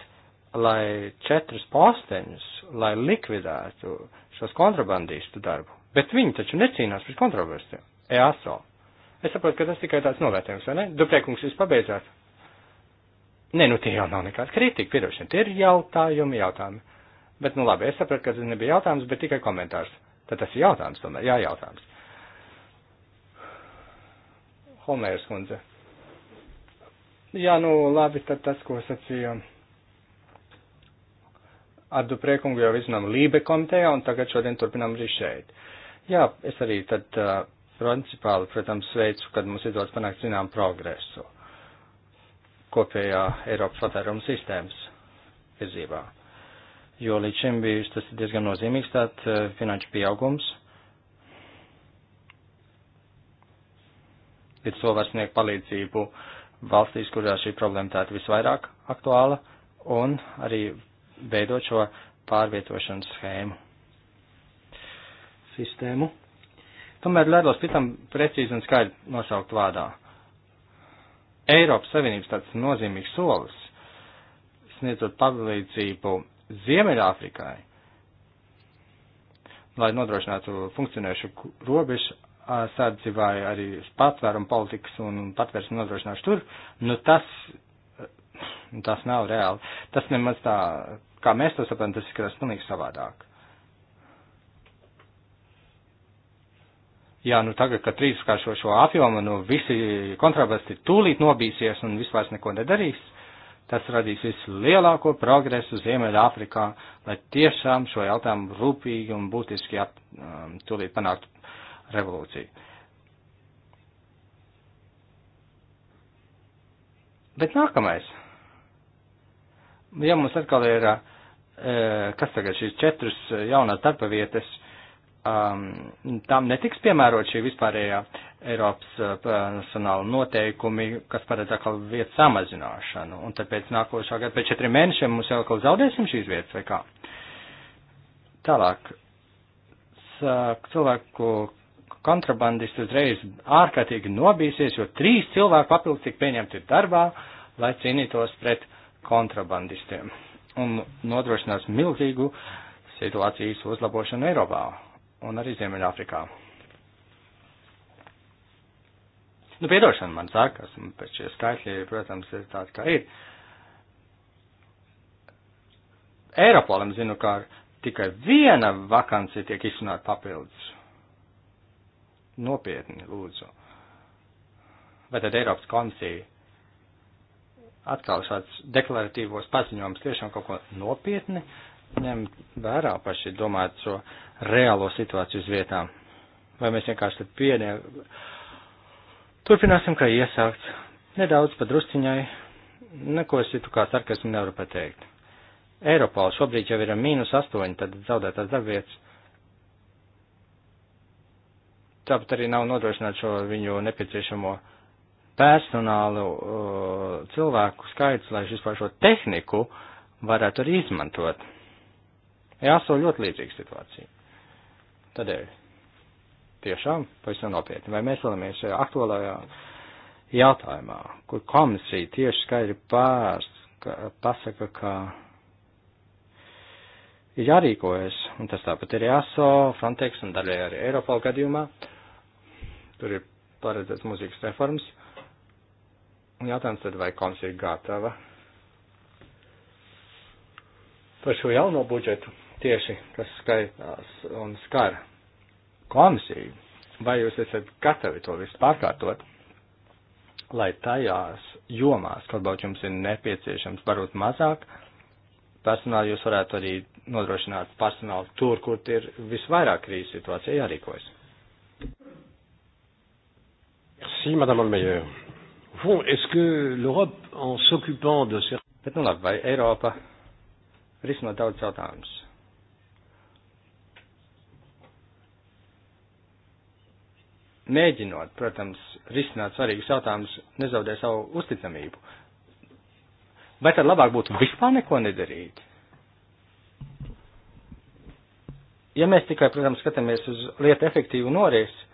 lai četrus posteņus, lai likvidētu šos kontrabandīstu darbu. Bet viņi taču necīnās pret kontrabandistiem. EASO. Es saprotu, ka tas tikai tāds novērtējums, vai ne? Duprēkungs, jūs pabeidzāt? Nē, nu tie jau nav nekāda kritika, piedošana, tie ir jautājumi, jautājumi. Bet, nu labi, es saprotu, ka tas nebija jautājums, bet tikai komentārs. Tad tas ir jautājums tomēr, jā, jautājums. Holmēras kundze. Jā, nu labi, tad tas, ko sacīju. Um, ar Duprēkungu jau izzinām Lībe komitejā un tagad šodien turpinām arī šeit. Jā, es arī tad uh, principāli, protams, sveicu, kad mums izdodas panākt zinām progresu kopējā Eiropas patēruma sistēmas virzībā. Jo līdz šim bijis tas diezgan nozīmīgs tāds uh, finanšu pieaugums. Ir cilvēks sniegt palīdzību valstīs, kurā šī problēma tāda visvairāk aktuāla, un arī veidot šo pārvietošanas schēmu sistēmu. Tomēr ļādos pitam precīzi un skaidri nosaukt vārdā. Eiropas Savienības tāds nozīmīgs solis, sniedzot palīdzību Ziemeļāfrikai, lai nodrošinātu funkcionējušu robežu sardzi vai arī patvērumu politikas un patvērumu nodrošināšu tur, nu tas, nu tas nav reāli. Tas nemaz tā kā mēs to saprotam, tas izskatās pilnīgi savādāk. Jā, nu tagad, kad trīskāršo šo apjomu, nu visi kontrabasti tūlīt nobīsies un vispār neko nedarīs, tas radīs vislielāko progresu Ziemeļa Afrikā, lai tiešām šo jautājumu rūpīgi un būtiski ap, um, tūlīt panāktu revolūciju. Bet nākamais. Ja mums atkal ir uh, Eh, kas tagad šīs četras jaunās darba vietas, um, tam netiks piemērot šī vispārējā Eiropas eh, nacionāla noteikumi, kas paredz atkal vietu samazināšanu. Un tāpēc nākošā gada pēc četriem mēnešiem mums jau atkal zaudēsim šīs vietas vai kā. Tālāk. Cilvēku kontrabandisti uzreiz ārkārtīgi nobīsies, jo trīs cilvēki papildus tik pieņemti darbā, lai cīnītos pret kontrabandistiem un nodrošinās milzīgu situācijas uzlabošanu Eiropā un arī Ziemeļāfrikā. Nu, piedošana man sākas, un pēc šie skaitļi, protams, ir tāds, kā ir. Eiropolam zinu, ka tikai viena vakancija tiek izsunāta papildus. Nopietni, lūdzu. Vai tad Eiropas komisija atkal šāds deklaratīvos paziņojums tiešām kaut ko nopietni ņemt vērā paši domāt šo reālo situāciju uz vietām. Vai mēs vienkārši tad pienie... Turpināsim, kā iesākts. Nedaudz padrusciņai. Neko es citu kā sarkasmu nevaru pateikt. Eiropāla šobrīd jau ir mīnus astoņi, tad zaudētās darbvietas. Tāpat arī nav nodrošināt šo viņu nepieciešamo uh, personālu uh, cilvēku skaits, lai vispār šo tehniku varētu arī izmantot. Jāso ļoti līdzīga situācija. Tādēļ tiešām pavisam nopietni, vai mēs vēlamies šajā uh, aktuālajā jautājumā, kur komisija tieši skaidri pārst, ka, pasaka, ka ir jārīkojas, un tas tāpat ir jāso Frontex un daļai arī Eiropā gadījumā, tur ir paredzēts muzikas reformas, uh, Un jautājums tad, vai komisija ir gatava par šo jauno budžetu tieši, kas skaitās un skar komisiju, vai jūs esat gatavi to visu pārkārtot, lai tajās jomās, kaut kaut jums ir nepieciešams, varbūt mazāk, personāli jūs varētu arī nodrošināt personālu tur, kur ir visvairāk krīzes situācija jārīkojas. Merci, Madame Olmeyer fond, est-ce que l'Europe, en s'occupant de certains. Bet nu labi, vai Eiropa risina daudz jautājumus? Mēģinot, protams, risināt svarīgus jautājumus, nezaudē savu uzticamību. Vai tad labāk būtu vispār neko nedarīt? Ja mēs tikai, protams, skatāmies uz lietu efektīvu norisi,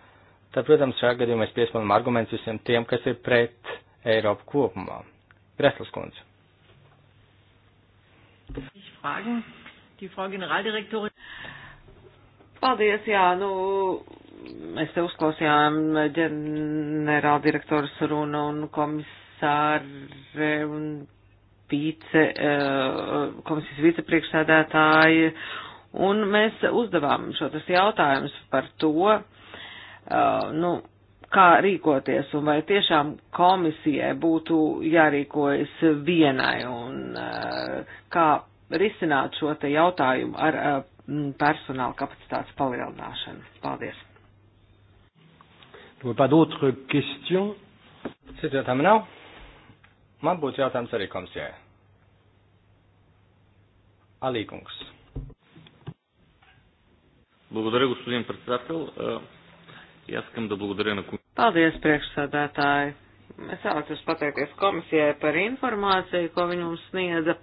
tad, protams, šajā gadījumā mēs piesmanam argumentus visiem tiem, kas ir pret Eiropu kopumā. Greslas kundze. Paldies, jā, nu, mēs te uzklausījām ģenerāldirektors runu un komisāri un vice, eh, komisijas vicepriekšsēdētāji, un mēs uzdevām šo tas jautājums par to, Uh, nu, kā rīkoties un vai tiešām komisijai būtu jārīkojas vienai un uh, kā risināt šo te jautājumu ar uh, personāla kapacitātes palielināšanu. Paldies. Pas d'autres questions? Citu jautājumu nav. Man būtu jautājums arī komisijai. Аликунгс. Благодаря, господин председател. Э, Jāskam da благодаря на komisiju. Paldies, priekšsādātāji. Es vēlētos pateikties komisijai par informāciju, ko viņi mums sniedza.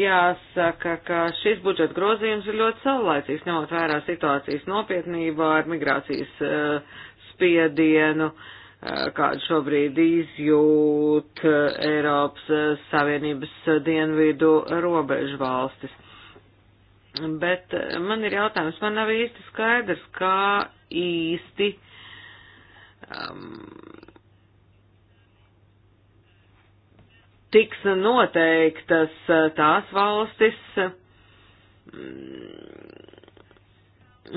Jāsaka, ka šis budžeta grozījums ir ļoti saulaicīgs, ņemot vērā situācijas nopietnībā ar migrācijas uh, spiedienu, uh, kādu šobrīd izjūt uh, Eiropas Savienības dienvidu robežu valstis. Bet eh, man ir jautājums, man nav īsti skaidrs, kā īsti um, tiks noteiktas eh, tās valstis, mm,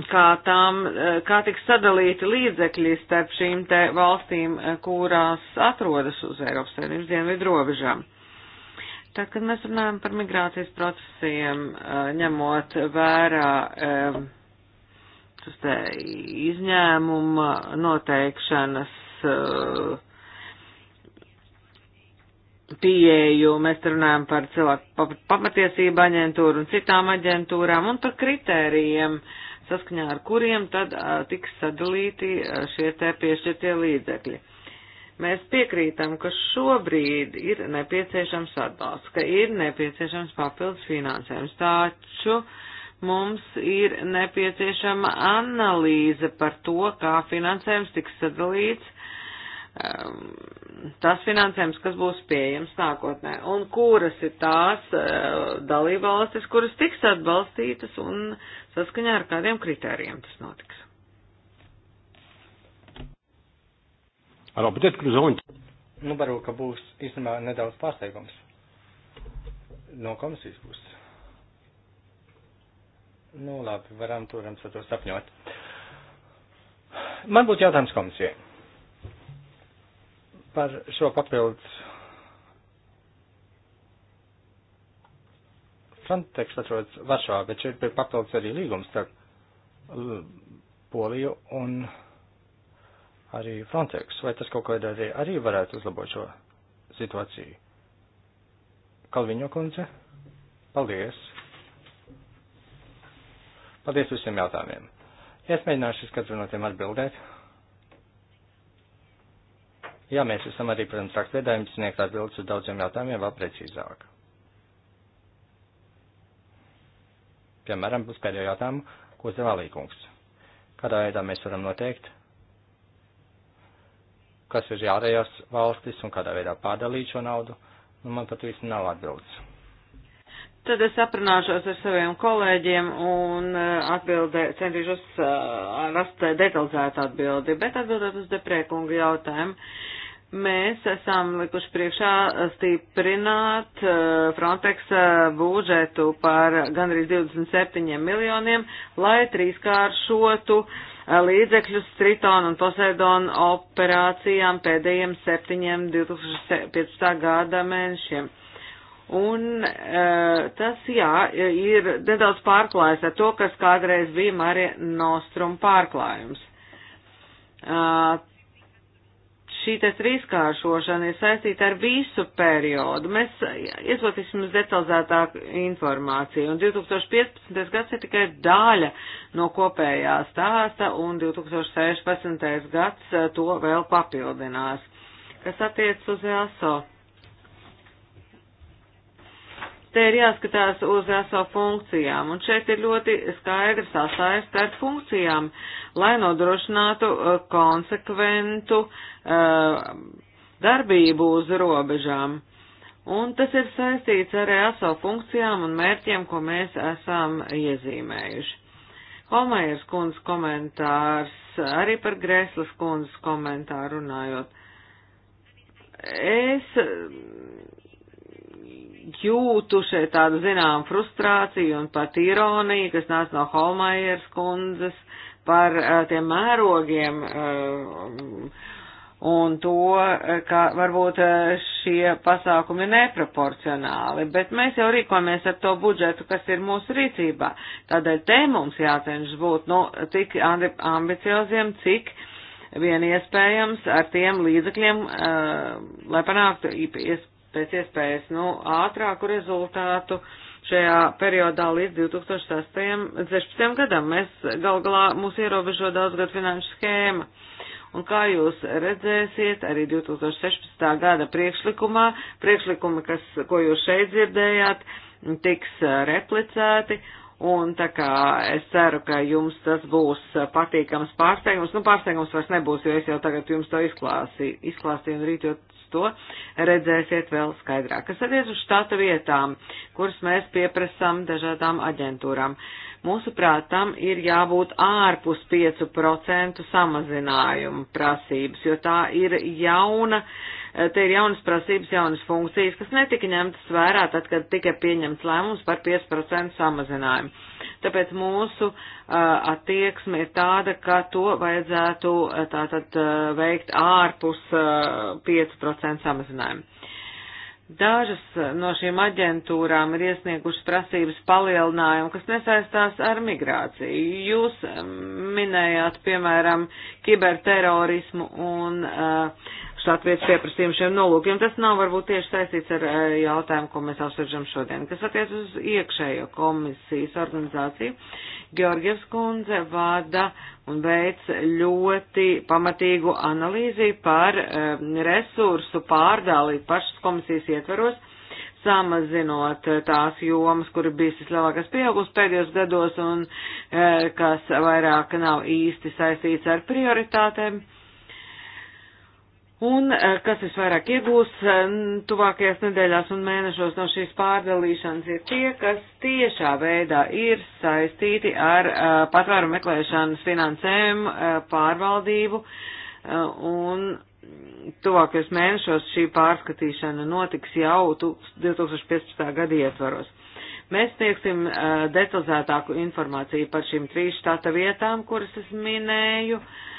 kā, tām, eh, kā tiks sadalīti līdzekļi starp šīm te valstīm, kurās atrodas uz Eiropas Savienības dienvidu robežām. Uh, Tā kad mēs runājam par migrācijas procesiem, eh, ņemot vērā eh, te, izņēmuma noteikšanas eh, pieeju, mēs runājam par cilvēku pamatiesību aģentūru un citām aģentūrām un par kritērijiem, saskaņā ar kuriem tad tiks sadalīti šie te piešķirtie līdzekļi. Mēs piekrītam, ka šobrīd ir nepieciešams atbalsts, ka ir nepieciešams papildus finansējums, taču mums ir nepieciešama analīze par to, kā finansējums tiks sadalīts, um, tas finansējums, kas būs pieejams nākotnē, un kuras ir tās uh, dalībvalstis, kuras tiks atbalstītas un saskaņā ar kādiem kritērijiem tas notiks. Alors peut-être que nous avons une... Nu, varbūt, ka būs īstenībā nedaudz pārsteigums no komisijas puses. Nu, labi, varam, protams, ar to sapņot. Man būtu jautājums komisijai par šo papildus Frontex atrodas Varšavā, bet šeit ir papildus arī līgums starp Poliju un arī Frontex, vai tas kaut kādā veidā arī varētu uzlabot šo situāciju? Kalviņo kundze, paldies! Paldies visiem jautājumiem! Es mēģināšu uz katru no tiem atbildēt. Jā, mēs esam arī, protams, rakstveidā jums sniegt atbildes uz daudziem jautājumiem vēl precīzāk. Piemēram, uz pēdējo jautājumu, ko uzdevā Līkungs. Kādā veidā mēs varam noteikt kas ir jārējās valstis un kādā veidā pārdalīt šo naudu, nu man pat viss nav atbildes. Tad es aprunāšos ar saviem kolēģiem un eh, atbildē, centīšos uh, rast detalizētu atbildi, bet atbildot uz deprēkungu jautājumu. Mēs esam likuši priekšā stiprināt uh, Frontex budžetu par gandrīz 27 miljoniem, lai trīskāršotu uh, līdzekļus Triton un Poseidon operācijām pēdējiem septiņiem 2015. gada mēnešiem. Un e, tas, jā, ir nedaudz pārklājis ar to, kas kādreiz bija Marija Nostrum pārklājums šī trīskāršošana ir saistīta ar visu periodu. Mēs iesūtīsim detalizētāku informāciju, un 2015. gads ir tikai daļa no kopējā stāsta, un 2016. gads eh, to vēl papildinās. Kas attiec uz ESO? Te ir jāskatās uz ESO funkcijām, un šeit ir ļoti skaidrs sasaist ar funkcijām, lai nodrošinātu uh, konsekventu uh, darbību uz robežām. Un tas ir saistīts ar ESO funkcijām un mērķiem, ko mēs esam iezīmējuši. Homēras kundzes komentārs, arī par Grēslas kundzes komentāru runājot. Es jūtu šeit tādu zinām frustrāciju un pat ironiju, kas nāca no Holmajeras kundzes par uh, tiem mērogiem uh, un to, eh, ka varbūt šie pasākumi ir neproporcionāli, bet mēs jau rīkojamies ar to budžetu, kas ir mūsu rīcībā. Tādēļ te mums jācenšas būt nu, tik ambicioziem, cik vien iespējams ar tiem līdzekļiem, uh, lai panāktu pēc iespējas nu, ātrāku rezultātu šajā periodā līdz 2016. gadam. Mēs gal galā mūs ierobežo daudzgad finanšu schēma. Un kā jūs redzēsiet, arī 2016. gada priekšlikumā, priekšlikumi, kas, ko jūs šeit dzirdējāt, tiks eh, replicēti. Un tā kā es ceru, ka jums tas būs patīkams pārsteigums. Nu, pārsteigums vairs nebūs, jo es jau tagad jums to izklāstīju, izklāstīju un rīt jau to redzēsiet vēl skaidrāk. Kas attiec uz štata vietām, kuras mēs pieprasām dažādām aģentūrām. Mūsu prātam ir jābūt ārpus 5% samazinājuma prasības, jo tā ir jauna, te ir jaunas prasības, jaunas funkcijas, kas netika ņemtas vērā tad, kad tika pieņemts lēmums par 5% samazinājumu Tāpēc mūsu attieksme ir tāda, ka to vajadzētu tātad veikt ārpus 5% samazinājumu. Dažas no šīm aģentūrām ir iesniegušas prasības palielinājumu, kas nesaistās ar migrāciju. Jūs minējāt, piemēram, kiberterorismu un uh, kas attiec pieprasījumu šiem nolūkiem. Tas nav varbūt tieši saistīts ar eh, jautājumu, ko mēs apsveržam šodien. Kas attiec uz iekšējo komisijas organizāciju, Georgievs kundze vada un veic ļoti pamatīgu analīzi par eh, resursu pārdāli pašas komisijas ietveros samazinot eh, tās jomas, kur ir bijis vislielākais pieaugums pēdējos gados un e, kas vairāk nav īsti saistīts ar prioritātēm. E, un e, kas visvairāk iegūs e, tuvākajās nedēļās un mēnešos no šīs pārdalīšanas ir tie, kas tiešā veidā ir saistīti ar e, patvērumu meklēšanas finansēm pārvaldību un tuvākajos mēnešos šī pārskatīšana notiks jau 2015. gada ietvaros. Mēs sniegsim detalizētāku informāciju par šīm trīs štata vietām, kuras es minēju. Uh,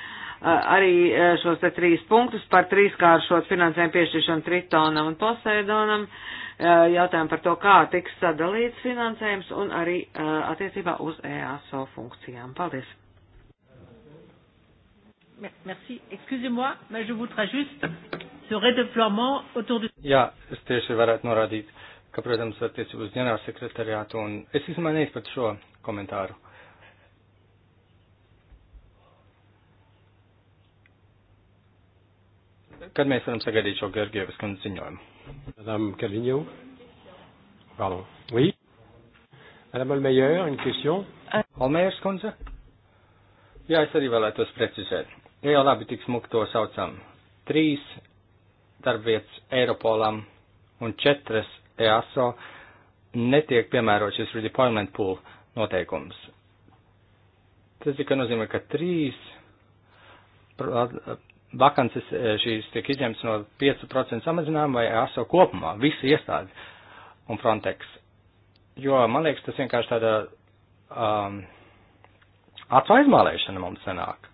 arī e, šos te trīs punktus par trīskāršot finansējumu piešķiršanu Tritonam un Poseidonam, e, jautājumu par to, kā tiks sadalīts finansējums un arī e, attiecībā uz EASO funkcijām. Paldies! Merci. Excusez-moi, mais je voudrais juste ce redéploiement autour du... Jā, es tieši varētu norādīt, ka, protams, attiecībā uz ģenerālsekretariātu un es izmainīju pat šo komentāru. Uh, kad mēs varam sagaidīt šo Gergievas kundzes ziņojumu? Madame Calvigno. Pardon. Oui. Madame Almeyer, une question. Almeyers kundze. Jā, es arī vēlētos precizēt. Jā, labi, tik smuk to saucam. Trīs darbvietas Eiropolam un četras EASO netiek piemērots šis redeployment pool noteikums. Tas tikai nozīmē, ka trīs vakances eh, šīs tiek izņemts no 5% samazinājuma vai ASO kopumā, visi iestādi un Frontex. Jo, man liekas, tas vienkārši tāda um, acu aizmālēšana mums sanāk.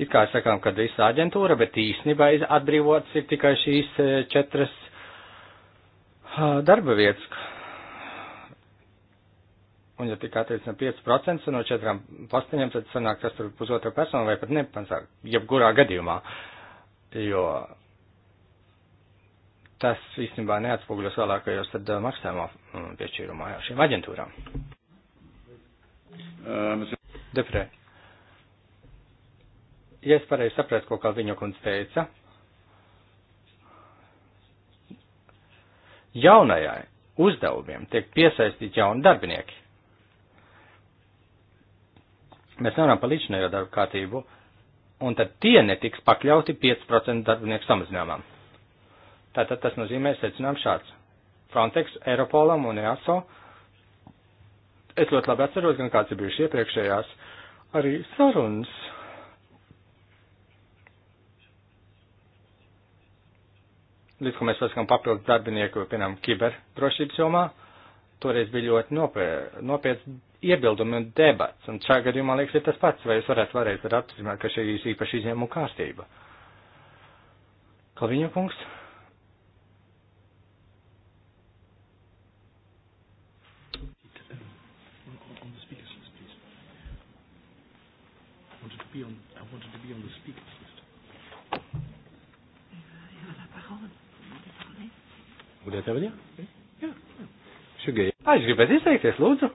It kā sakām, ka visa aģentūra, bet īstenībā atbrīvots ir tikai šīs eh, četras uh, darba vietas, Un, ja tikai attiecinām 5% no 4 posteņiem, tad sanāk, kas tur pusotra persona vai pat nepansāk, jebkurā gadījumā. Jo tas īstenībā neatspūgļos vēlākajos tad uh, maksājumā mm, piešķīrumā jau šīm aģentūrām. Deprē. Ja es pareizi sapratu, ko kā viņa kundze teica, jaunajai uzdevumiem tiek piesaistīti jauni darbinieki. Mēs nevaram palīdzināt darba kārtību, un tad tie netiks pakļauti 5% darbinieku samazinājumam. Tātad tas nozīmē secinājums šāds. Frontex, Eiropolam un EASO. Es ļoti labi atceros, gan kāds ir bijuši iepriekšējās arī sarunas. Līdz, ko mēs pasakām papildus darbinieku, piemēram, kiberdrošības jomā toreiz bija ļoti nopietns iebildumi un debats, un šā gadījumā liekas ir tas pats, vai jūs varētu vēlreiz atzīmēt, ka šī ir īpaši izņēmuma kārtība. Kalviņu kungs. On, I wanted to be on the speaker's list. Vous voulez intervenir oui. Čugai. Ai, jūs gribētu izteikties, lūdzu?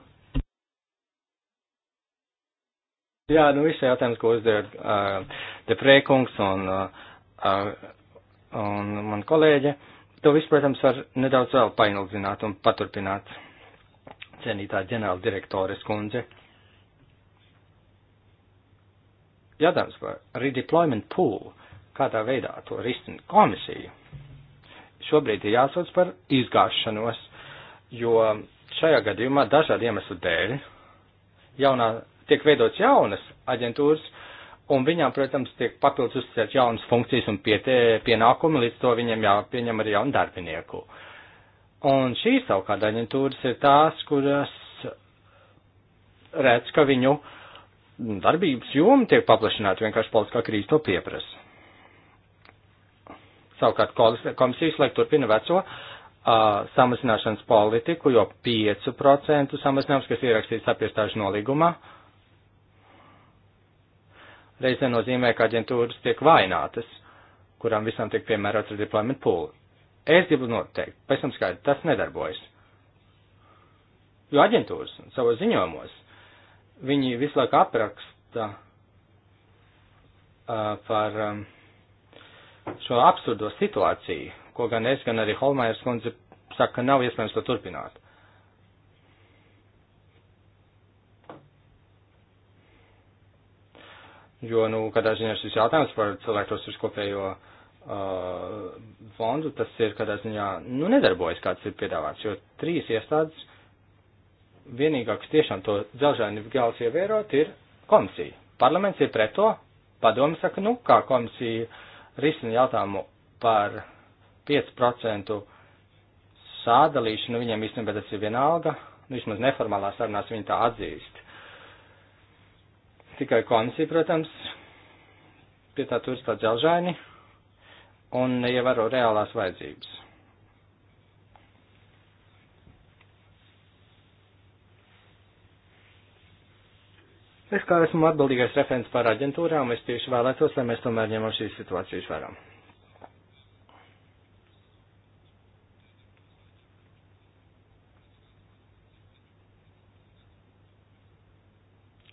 Jā, nu viss jautājums, ko uzdeva uh, Deprēkungs un, uh, un man kolēģe, to viss, protams, var nedaudz vēl painildzināt un paturpināt cienītā ģenerāla direktores kundze. Jādams par redeployment pool, kādā veidā to risina komisija. Šobrīd ir jāsauc par izgāšanos jo šajā gadījumā dažādu iemeslu dēļ jaunā, tiek veidots jaunas aģentūras, un viņām, protams, tiek papildus uzticēt jaunas funkcijas un pietē, pienākumi, līdz to viņiem jāpieņem arī jaunu darbinieku. Un šīs savukārt aģentūras ir tās, kuras redz, ka viņu darbības joma tiek paplašināta, vienkārši politiskā krīze to pieprasa. Savukārt komisijas, lai turpina veco uh, samazināšanas politiku, jo 5% samazinājums, kas ierakstīts apiestāžu nolīgumā, reizē nozīmē, ka aģentūras tiek vainātas, kurām visam tiek piemērots deployment pool. Es gribu noteikt, pēc tam skaidri, tas nedarbojas. Jo aģentūras savos ziņojumos, viņi visu laiku apraksta uh, par um, šo absurdo situāciju, ko gan es, gan arī Holmairs kundze saka, ka nav iespējams to turpināt. Jo, nu, kādā ziņā šis jautājums par cilvēku tos kopējo uh, fondu, tas ir, kādā ziņā, nu, nedarbojas, kāds ir piedāvāts, jo trīs iestādes vienīgā, kas tiešām to dzelžaini gals ievērot, ir komisija. Parlaments ir pret to, padomi saka, nu, kā komisija risina jautājumu par 5% sādalīšanu, viņiem īstenībā tas ir vienalga, nu, vismaz neformālā sarunās viņi tā atzīst. Tikai komisija, protams, pie tā turas tā dzelžaini un neievēro reālās vajadzības. Es kā esmu atbildīgais referents par aģentūrām, es tieši vēlētos, lai mēs tomēr ņemam šīs situācijas vērām.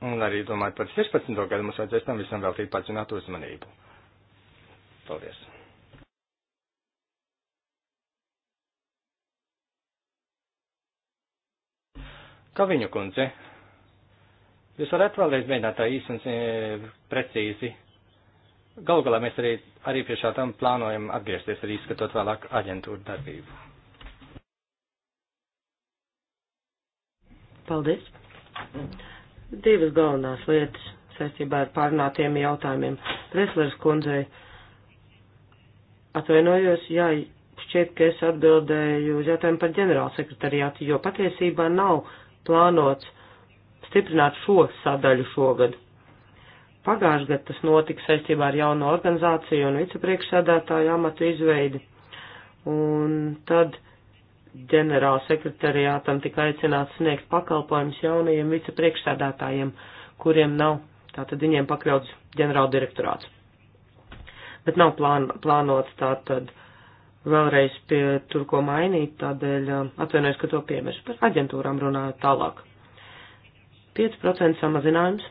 Un arī domājot par 16. gadu, mums vajadzēs tam visam veltīt padzinātu uzmanību. Paldies! Kaviņu kundze, jūs varat vēlreiz mēģināt tā īsi un eh, precīzi. Galu galā mēs arī, arī pie šādām plānojam atgriezties, arī skatot vēlāk aģentūru darbību. Paldies! divas galvenās lietas saistībā ar pārnātiem jautājumiem. Preslers kundzei atvainojos, jā, šķiet, ka es atbildēju uz jautājumu par ģenerālsekretariātu, jo patiesībā nav plānots stiprināt šo sadaļu šogad. Pagājušajā gadā tas notika saistībā ar jauno organizāciju un vicepriekšsēdētāju amatu izveidi. Un tad ģenerāla sekretariātam tika aicināts sniegt pakalpojumus jaunajiem vicepriekšsēdētājiem, kuriem nav tātad viņiem pakļauts ģenerāla direktorāts. Bet nav plān, plānots tātad vēlreiz pie tur ko mainīt, tādēļ um, atvainojos, ka to piemirst. Par aģentūrām runājot tālāk. 5% samazinājums.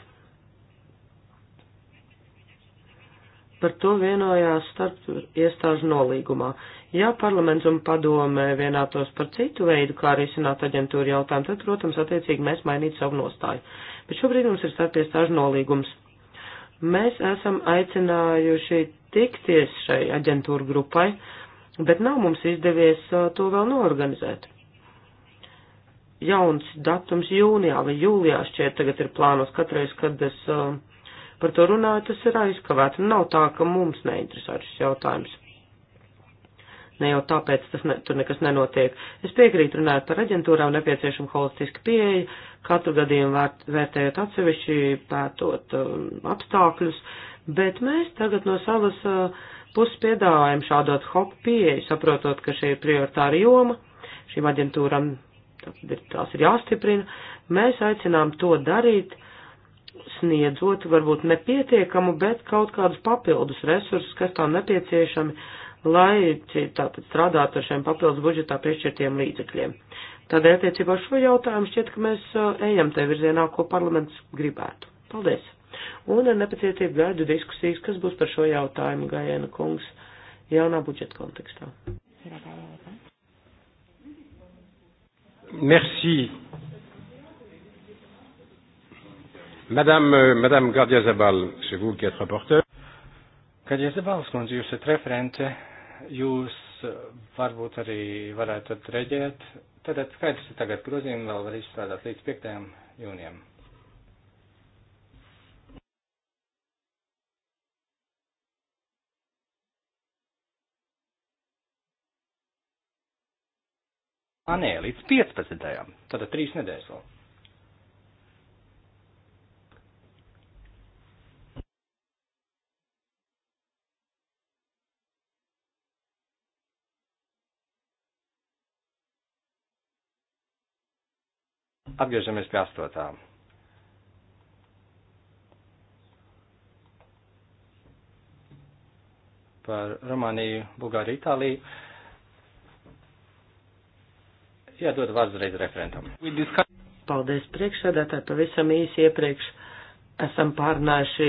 Par to vienojās starp iestāžu nolīgumā. Uh, Ja parlaments un padome vienātos par citu veidu, kā risināt aģentūru jautājumu, tad, protams, attiecīgi mēs mainītu savu nostāju. Bet šobrīd mums ir starpies tāžu nolīgums. Mēs esam aicinājuši tikties šai aģentūru grupai, bet nav mums izdevies uh, to vēl norganizēt. Jauns datums jūnijā vai jūlijā šķiet tagad ir plānos katreiz, kad es uh, par to runāju, tas ir aizkavēts. Nav tā, ka mums neinteresē šis jautājums ne jau tāpēc tas ne, tur nekas nenotiek. Es piekrītu runāt par aģentūrām nepieciešama holistiska pieeja, katru gadījumu vērt, vērtējot atsevišķi, pētot um, apstākļus, bet mēs tagad no savas uh, puses piedāvājam šādot hop pieeju, saprotot, ka šī ir prioritāra joma, šīm aģentūram tās ir jāstiprina, mēs aicinām to darīt, sniedzot varbūt nepietiekamu, bet kaut kādus papildus resursus, kas tām nepieciešami, uh, lai tātad strādātu ar šiem papildus budžetā piešķirtiem līdzekļiem. Tādēļ attiecībā šo jautājumu šķiet, ka mēs ejam te virzienā, ko parlaments gribētu. Paldies! Un ar nepacietību gaidu diskusijas, kas būs par šo jautājumu, Gajēna kungs, jaunā budžeta kontekstā. Merci. Madame, euh, Madame Gardia Zabal, c'est vous qui êtes rapporteur. Gardia Zabal, skundze, jūs esat referente jūs eh, varbūt arī varētu tad reģēt. Tad skaidrs ir tagad grozījumi, vēl var izstrādāt līdz 5. jūnijam. Ā, ah, nē, līdz 15. Tātad trīs nedēļas vēl. Atgriežamies pie astotām. par Rumāniju, Bulgāriju, Itāliju. Jādod vārds reiz referentam. Paldies priekšsēdētāji, pavisam īsi iepriekš esam pārnājuši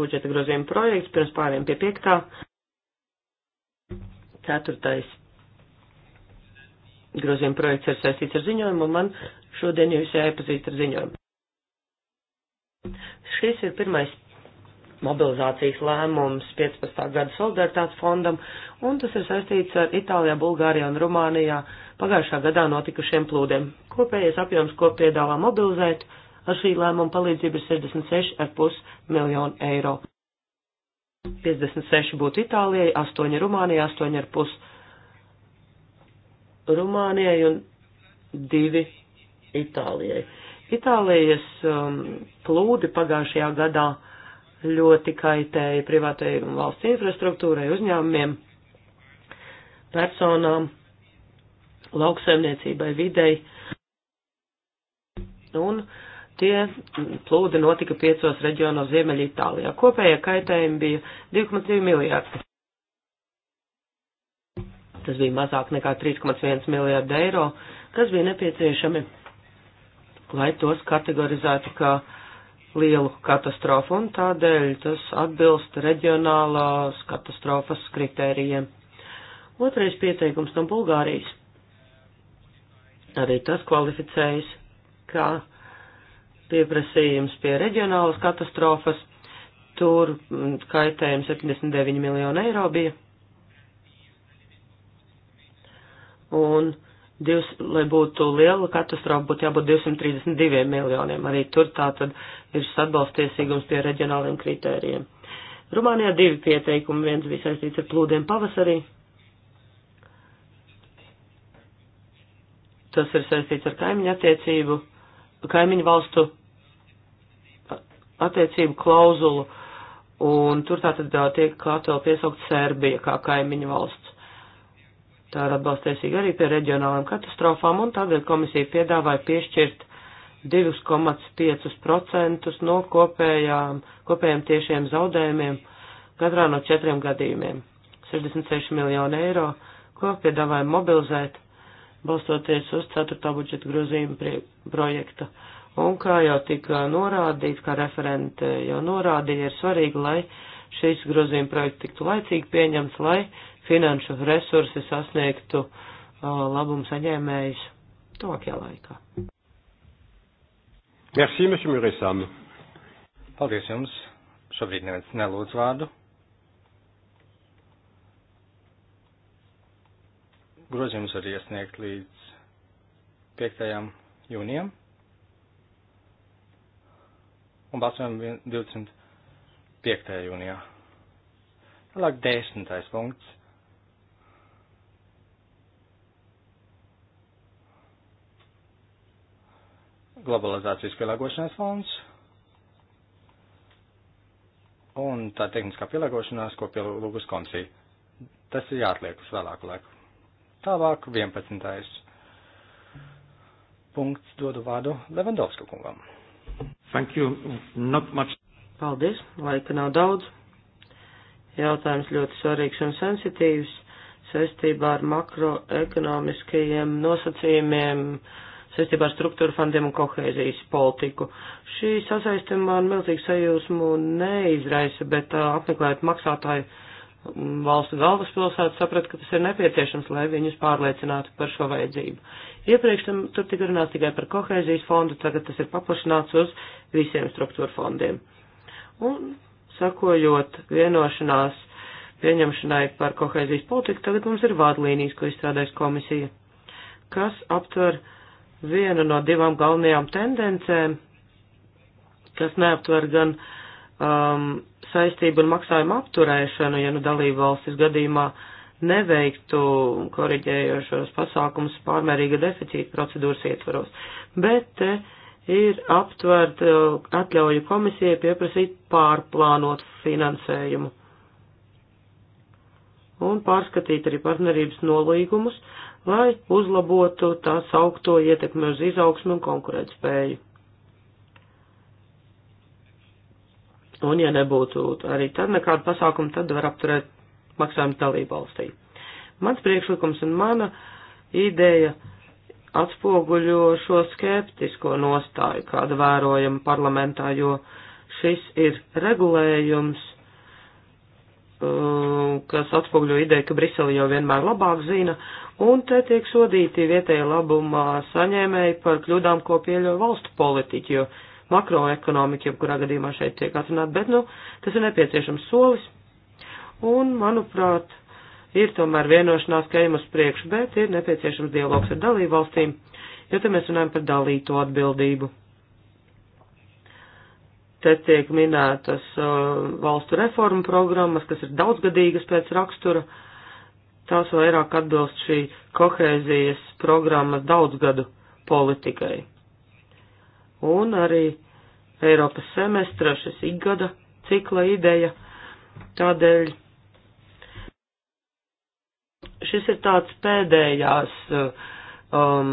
budžeta grozījuma projekts, pirms pāriem pie piektā. Ceturtais grozījuma projekts ir saistīts ar ziņojumu, un man šodien jūs jāiepazīst ar ziņojumu. Šis ir pirmais mobilizācijas lēmums 15. gada solidaritātes fondam, un tas ir saistīts ar Itālijā, Bulgārijā un Rumānijā pagājušā gadā notikušiem plūdiem. Kopējais apjoms, ko piedāvā mobilizēt, ar šī lēmuma palīdzību ir 66,5 miljonu eiro. 56 būtu Itālijai, 8 Rumānijai, 8,5 Rumānijai un divi Itālijai. Itālijas um, plūdi pagājušajā gadā ļoti kaitēja privātajai un valsts infrastruktūrai, uzņēmumiem, personām, lauksaimniecībai, videi. Un tie plūdi notika piecos reģionos Ziemeļa Itālijā. Kopējie kaitējumi bija 2,2 miljārdi. Tas bija mazāk nekā 3,1 miljārdu eiro, kas bija nepieciešami, lai tos kategorizētu kā lielu katastrofu, un tādēļ tas atbilst reģionālās katastrofas kritērijiem. Otrais pieteikums no Bulgārijas. Arī tas kvalificējas kā pieprasījums pie reģionālas katastrofas. Tur mm, kaitējums 79 miljonu eiro bija. un, divs, lai būtu liela katastrofa, būtu jābūt 232 miljoniem. Arī tur tā tad ir atbalstiesīgums pie reģionāliem kritērijiem. Rumānijā divi pieteikumi, viens bija saistīts ar plūdiem pavasarī. Tas ir saistīts ar kaimiņu attiecību, kaimiņu valstu attiecību klauzulu, un tur tātad tiek atkal piesaukt Serbija kā kaimiņu valsts. Tā ir atbalstiesīga arī pie reģionālām katastrofām, un tādēļ komisija piedāvāja piešķirt 2,5% no kopējām, kopējiem tiešiem zaudējumiem katrā no četriem gadījumiem - 66 miljonu eiro, ko piedāvāja mobilizēt, balstoties uz 4. budžeta grozījuma projektu. Un kā jau tika norādīts, kā referente jau norādīja, ir svarīgi, lai šis grozījuma projekts tiktu laicīgi pieņemts, lai finanšu resursi sasniegtu uh, labumu saņēmējus tuvākajā laikā. Merci, monsieur Muresam. Paldies jums. Šobrīd neviens nelūdz vārdu. Grozījums var iesniegt līdz 5. jūnijam un balsojam 20. 5. jūnijā. Tālāk 10. punkts. Globalizācijas pielāgošanās fonds un tā tehniskā pielāgošanās, ko pielūgus komisija. Tas ir jāatliek uz vēlāku laiku. Tālāk 11. punkts dodu vārdu Levandovska kungam. Thank you. Not much. Paldies, laika nav daudz. Jautājums ļoti svarīgs un sensitīvs saistībā ar makroekonomiskajiem nosacījumiem, saistībā ar struktūra fondiem un kohēzijas politiku. Šī sasaiste man milzīgi sajūsmu neizraisa, bet uh, apmeklējot maksātāju valstu galvaspilsētu saprata, ka tas ir nepieciešams, lai viņus pārliecinātu par šo vajadzību. Iepriekš tam tur tika runāts tikai par kohēzijas fondu, tagad tas ir paplašināts uz visiem struktūra fondiem. Un sakojot vienošanās pieņemšanai par kohēzijas politiku, tagad mums ir vādlīnijas, ko izstrādājas komisija, kas aptver vienu no divām galvenajām tendencēm, kas neaptver gan um, saistību un maksājumu apturēšanu, ja nu dalību valstis gadījumā neveiktu koriģējošos pasākumus pārmērīga deficīta procedūras ietvaros, bet te eh, ir aptvert eh, atļauju komisijai pieprasīt pārplānot finansējumu un pārskatīt arī partnerības nolīgumus, lai uzlabotu tās augto ietekmi uz izaugsmu un konkurētspēju. Un, ja nebūtu arī tad nekāda pasākuma, tad var apturēt maksājumu dalību valstī. Mans priekšlikums un mana ideja atspoguļo šo skeptisko nostāju, kāda vērojama parlamentā, jo šis ir regulējums, um, kas atspoguļo ideju, ka Brisele jau vienmēr labāk zina, un te tiek sodīti vietēja labumā saņēmēji par kļūdām, ko pieļauj valstu politiķi, jo makroekonomika, jebkurā gadījumā šeit tiek atrunāt, bet, nu, tas ir nepieciešams solis, un, manuprāt, uh, ir tomēr vienošanās, ka ejam uz priekšu, bet ir nepieciešams dialogs ar dalību valstīm, jo te mēs runājam par dalīto atbildību. Te tiek minētas uh, valstu reformu programmas, kas ir daudzgadīgas pēc rakstura. Tās vairāk atbilst šī kohēzijas programmas daudzgadu politikai. Un arī Eiropas semestra šis ikgada cikla ideja. Tādēļ šis ir tāds pēdējās um,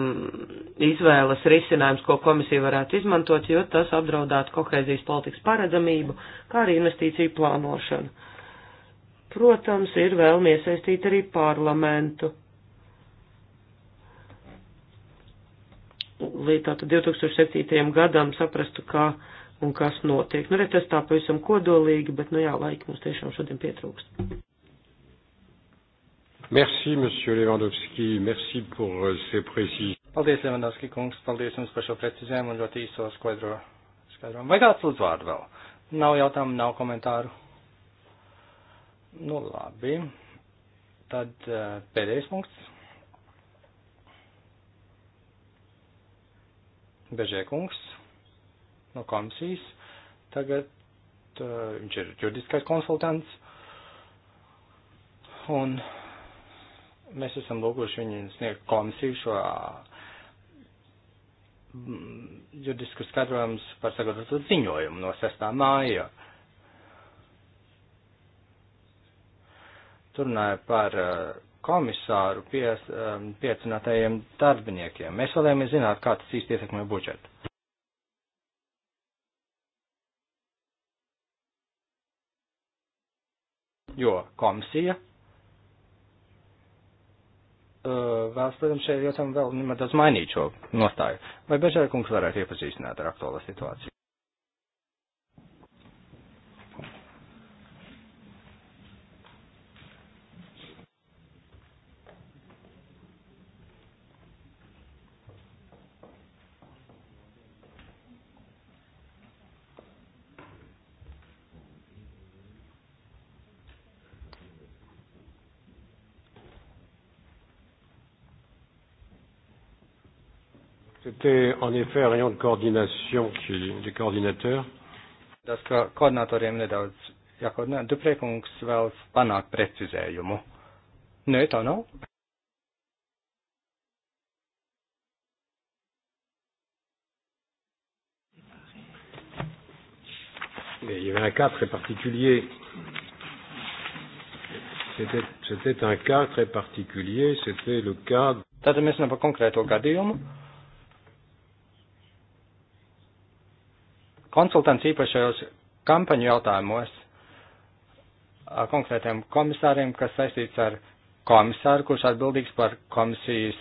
izvēles risinājums, ko komisija varētu izmantot, jo tas apdraudētu kohēzijas politikas paredzamību, kā arī investīciju plānošanu. Protams, ir vēlmi iesaistīt arī parlamentu. Līdz tātad 2007. gadam saprastu, kā un kas notiek. Nu, redz, tas tā pavisam kodolīgi, bet, nu jā, laika mums tiešām šodien pietrūkst. Merci, monsieur Levandovski, merci pour euh, ces précisions. Paldies, Levandovski kungs, paldies jums par šo precizējumu un ļoti īso skaidro skaidrojumu. Vai kāds lūdz vārdu vēl? Nav jautājumu, nav komentāru. Nu, labi. Tad uh, pēdējais punkts. Bežēkungs no komisijas. Tagad uh, viņš ir juridiskais konsultants. Un mēs esam lūguši viņu sniegt komisiju šo mm, judisku skatrojumus par sagatavotu ziņojumu no 6. māja. Tur runāja par eh, komisāru pies, eh, piecinātajiem darbiniekiem. Mēs vēlējāmies zināt, kā tas īsti ietekmē budžetu. Jo komisija vēlas, protams, šajā jautājumā vēl nedaudz mainīt šo nostāju. Vai Bežēra kungs varētu iepazīstināt ar aktuālo situāciju? existait en effet un rayon de coordination qui, des coordinateurs. Tas, ka koordinatoriem nedaudz jākoordinē, Duprēkungs vēlas panākt precizējumu. Nē, tā nav. Mais il y avait un cas très particulier. C'était un cas très particulier, c'était le cas. Tātad mēs runājam par konkrēto gadījumu, konsultants īpašajos kampaņu jautājumos konkrētiem komisāriem, kas saistīts ar komisāru, kurš atbildīgs par komisijas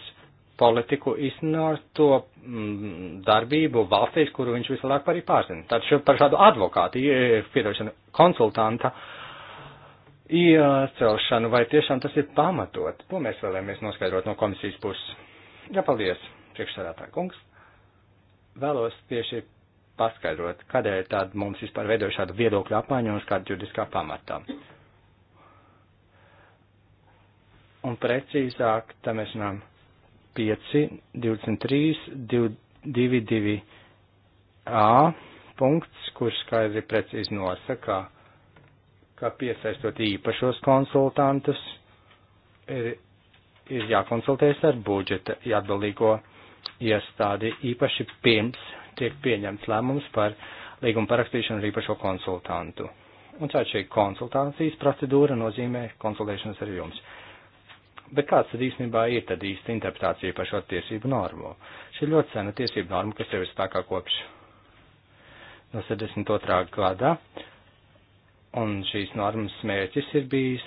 politiku iznoto mm, darbību valstīs, kuru viņš vislabāk arī pārzina. Tad šo par šādu advokātu, piedošanu, konsultanta iecelšanu, vai tiešām tas ir pamatot? To mēs vēlamies noskaidrot no komisijas puses. Jā, paldies, priekšsēdētāja kungs. Vēlos tieši paskaidrot, kādēļ tāda mums vispār veidoja šādu viedokļu apmaiņu un uz kādu juridiskā pamatā. Un precīzāk, tam mēs runājam 5, 23, 22, 2, A punkts, kurš skaidri precīzi nosaka, ka piesaistot īpašos konsultantus, ir, ir jākonsultējas ar budžeta atbildīgo iestādi īpaši pirms tiek pieņemts lēmums par līguma parakstīšanu ar īpašo konsultantu. Un tāda šī konsultācijas procedūra nozīmē konsultēšanas ar jums. Bet kāds tad īstenībā ir tad īsta interpretācija par šo tiesību normu? Šī ļoti sena tiesība norma, kas jau ir spēkā kopš no 72. gadā, un šīs normas mērķis ir bijis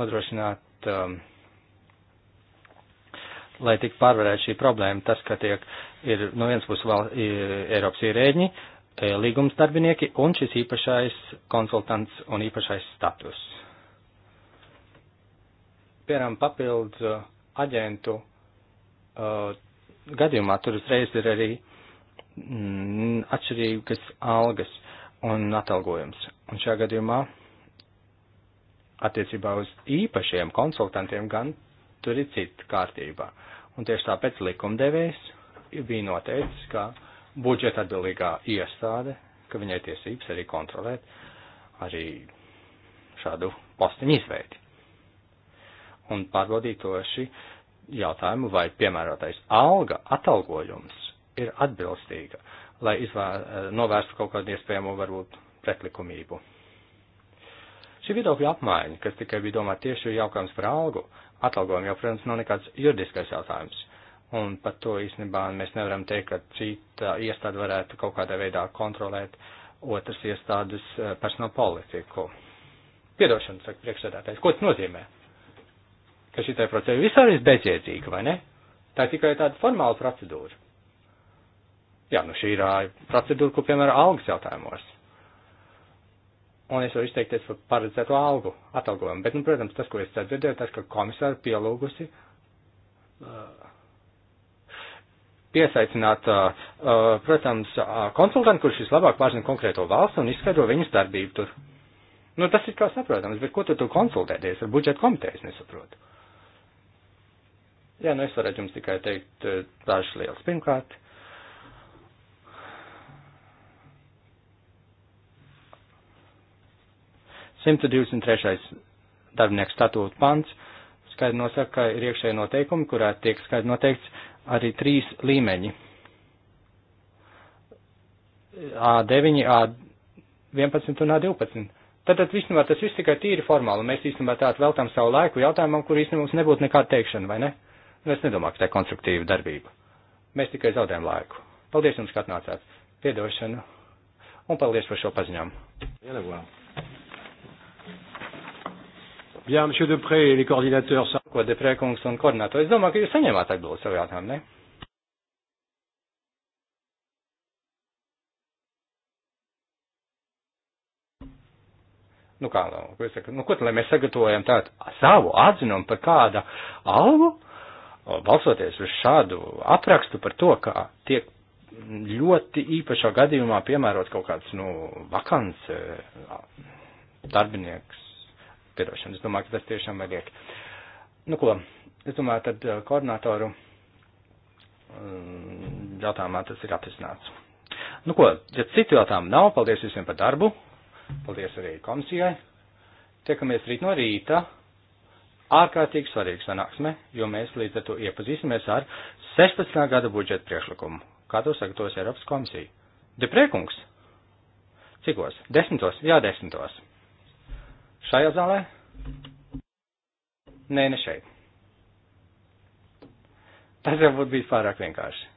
nodrošināt um, lai tik pārvarētu šī problēma, tas, ka tiek ir no viens puses vēl Eiropas ierēģi, e, līgums darbinieki un šis īpašais konsultants un īpašais status. Piemēram, papildus aģentu uh, gadījumā tur uzreiz ir arī mm, atšķirīgas algas un atalgojums. Un šajā gadījumā attiecībā uz īpašiem konsultantiem gan tur ir cita kārtība. Un tieši tāpēc likumdevējs bija noteicis, ka budžeta atbildīgā iestāde, ka viņai tiesības arī kontrolēt arī šādu postiņu izveidi. Un pārbaudīt to šī jautājumu, vai piemērotais alga atalgojums ir atbilstīga, lai izvēr, novērstu kaut kādu iespējamo varbūt pretlikumību. Šī viedokļa apmaiņa, kas tikai bija domāta tieši jaukājums par algu, atalgojumu, jo, protams, nav nekāds juridiskais jautājums. Un par to īstenībā mēs nevaram teikt, ka cita iestāde varētu kaut kādā veidā kontrolēt otras iestādes eh, personāla politiku. Piedošana, saka priekšsēdētājs, ko tas nozīmē? Ka šitai procedūra vispār ir bezjēdzīga, vai ne? Tā ir tikai tāda formāla procedūra. Jā, nu šī ir procedūra, ko piemēra algas jautājumos un es varu izteikties par paredzēto algu atalgojumu. Bet, nu, protams, tas, ko es dzirdēju, tas, ka komisāra pielūgusi uh, piesaicināt, uh, uh, protams, konsultantu, kurš vislabāk pārzina konkrēto valstu un izskaidro viņas darbību tur. Nu, tas ir kā saprotams, bet ko tu tur konsultēties ar budžeta komitejas nesaprotu? Jā, nu es varētu jums tikai teikt dažas lietas. Pirmkārt, 123. darbinieku statūta pants skaidri nosaka, ka ir iekšēji noteikumi, kurā tiek skaidri noteikts arī trīs līmeņi. A9, A11 un A12. Tātad, īstenībā, tas viss tikai tīri formāli. Mēs īstenībā tādu veltām savu laiku jautājumam, kur īstenībā mums nebūtu nekāda teikšana, vai ne? Nu, es nedomāju, ka tā ir konstruktīva darbība. Mēs tikai zaudējam laiku. Paldies jums, ka atnācāt. Piedošanu. Un paldies par šo paziņojumu. Ielevā. Jā, Mr. Deprē, ir koordinators. Ko Deprē kungs un koordinators? Es domāju, ka jūs saņēmāt atbildi savu jautājumu, ne? Nu kā, ko es saku, nu ko tad, lai mēs sagatavojam tādu savu atzinumu par kādu algu, balsoties uz šādu aprakstu par to, kā tiek ļoti īpašā gadījumā piemērot kaut kāds, nu, vakants eh, darbinieks piedošana. Es domāju, ka tas tiešām vajag. Nu ko, es domāju, tad eh, koordinātoru mm, jautājumā tas ir atrisināts. Nu ko, ja citu jautājumu nav, paldies visiem par darbu, paldies arī komisijai. Tiekamies rīt no rīta. Ārkārtīgi svarīga sanāksme, jo mēs līdz ar to iepazīsimies ar 16. gada budžeta priekšlikumu. Kā to sagatavos Eiropas komisija? Deprēkungs? Cikos? Desmitos? Jā, desmitos. Šajā zālē? Nē, ne šeit. Tas jau būtu bijis pārāk vienkārši.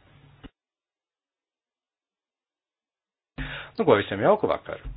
Nu, ko visiem jauku vakaru!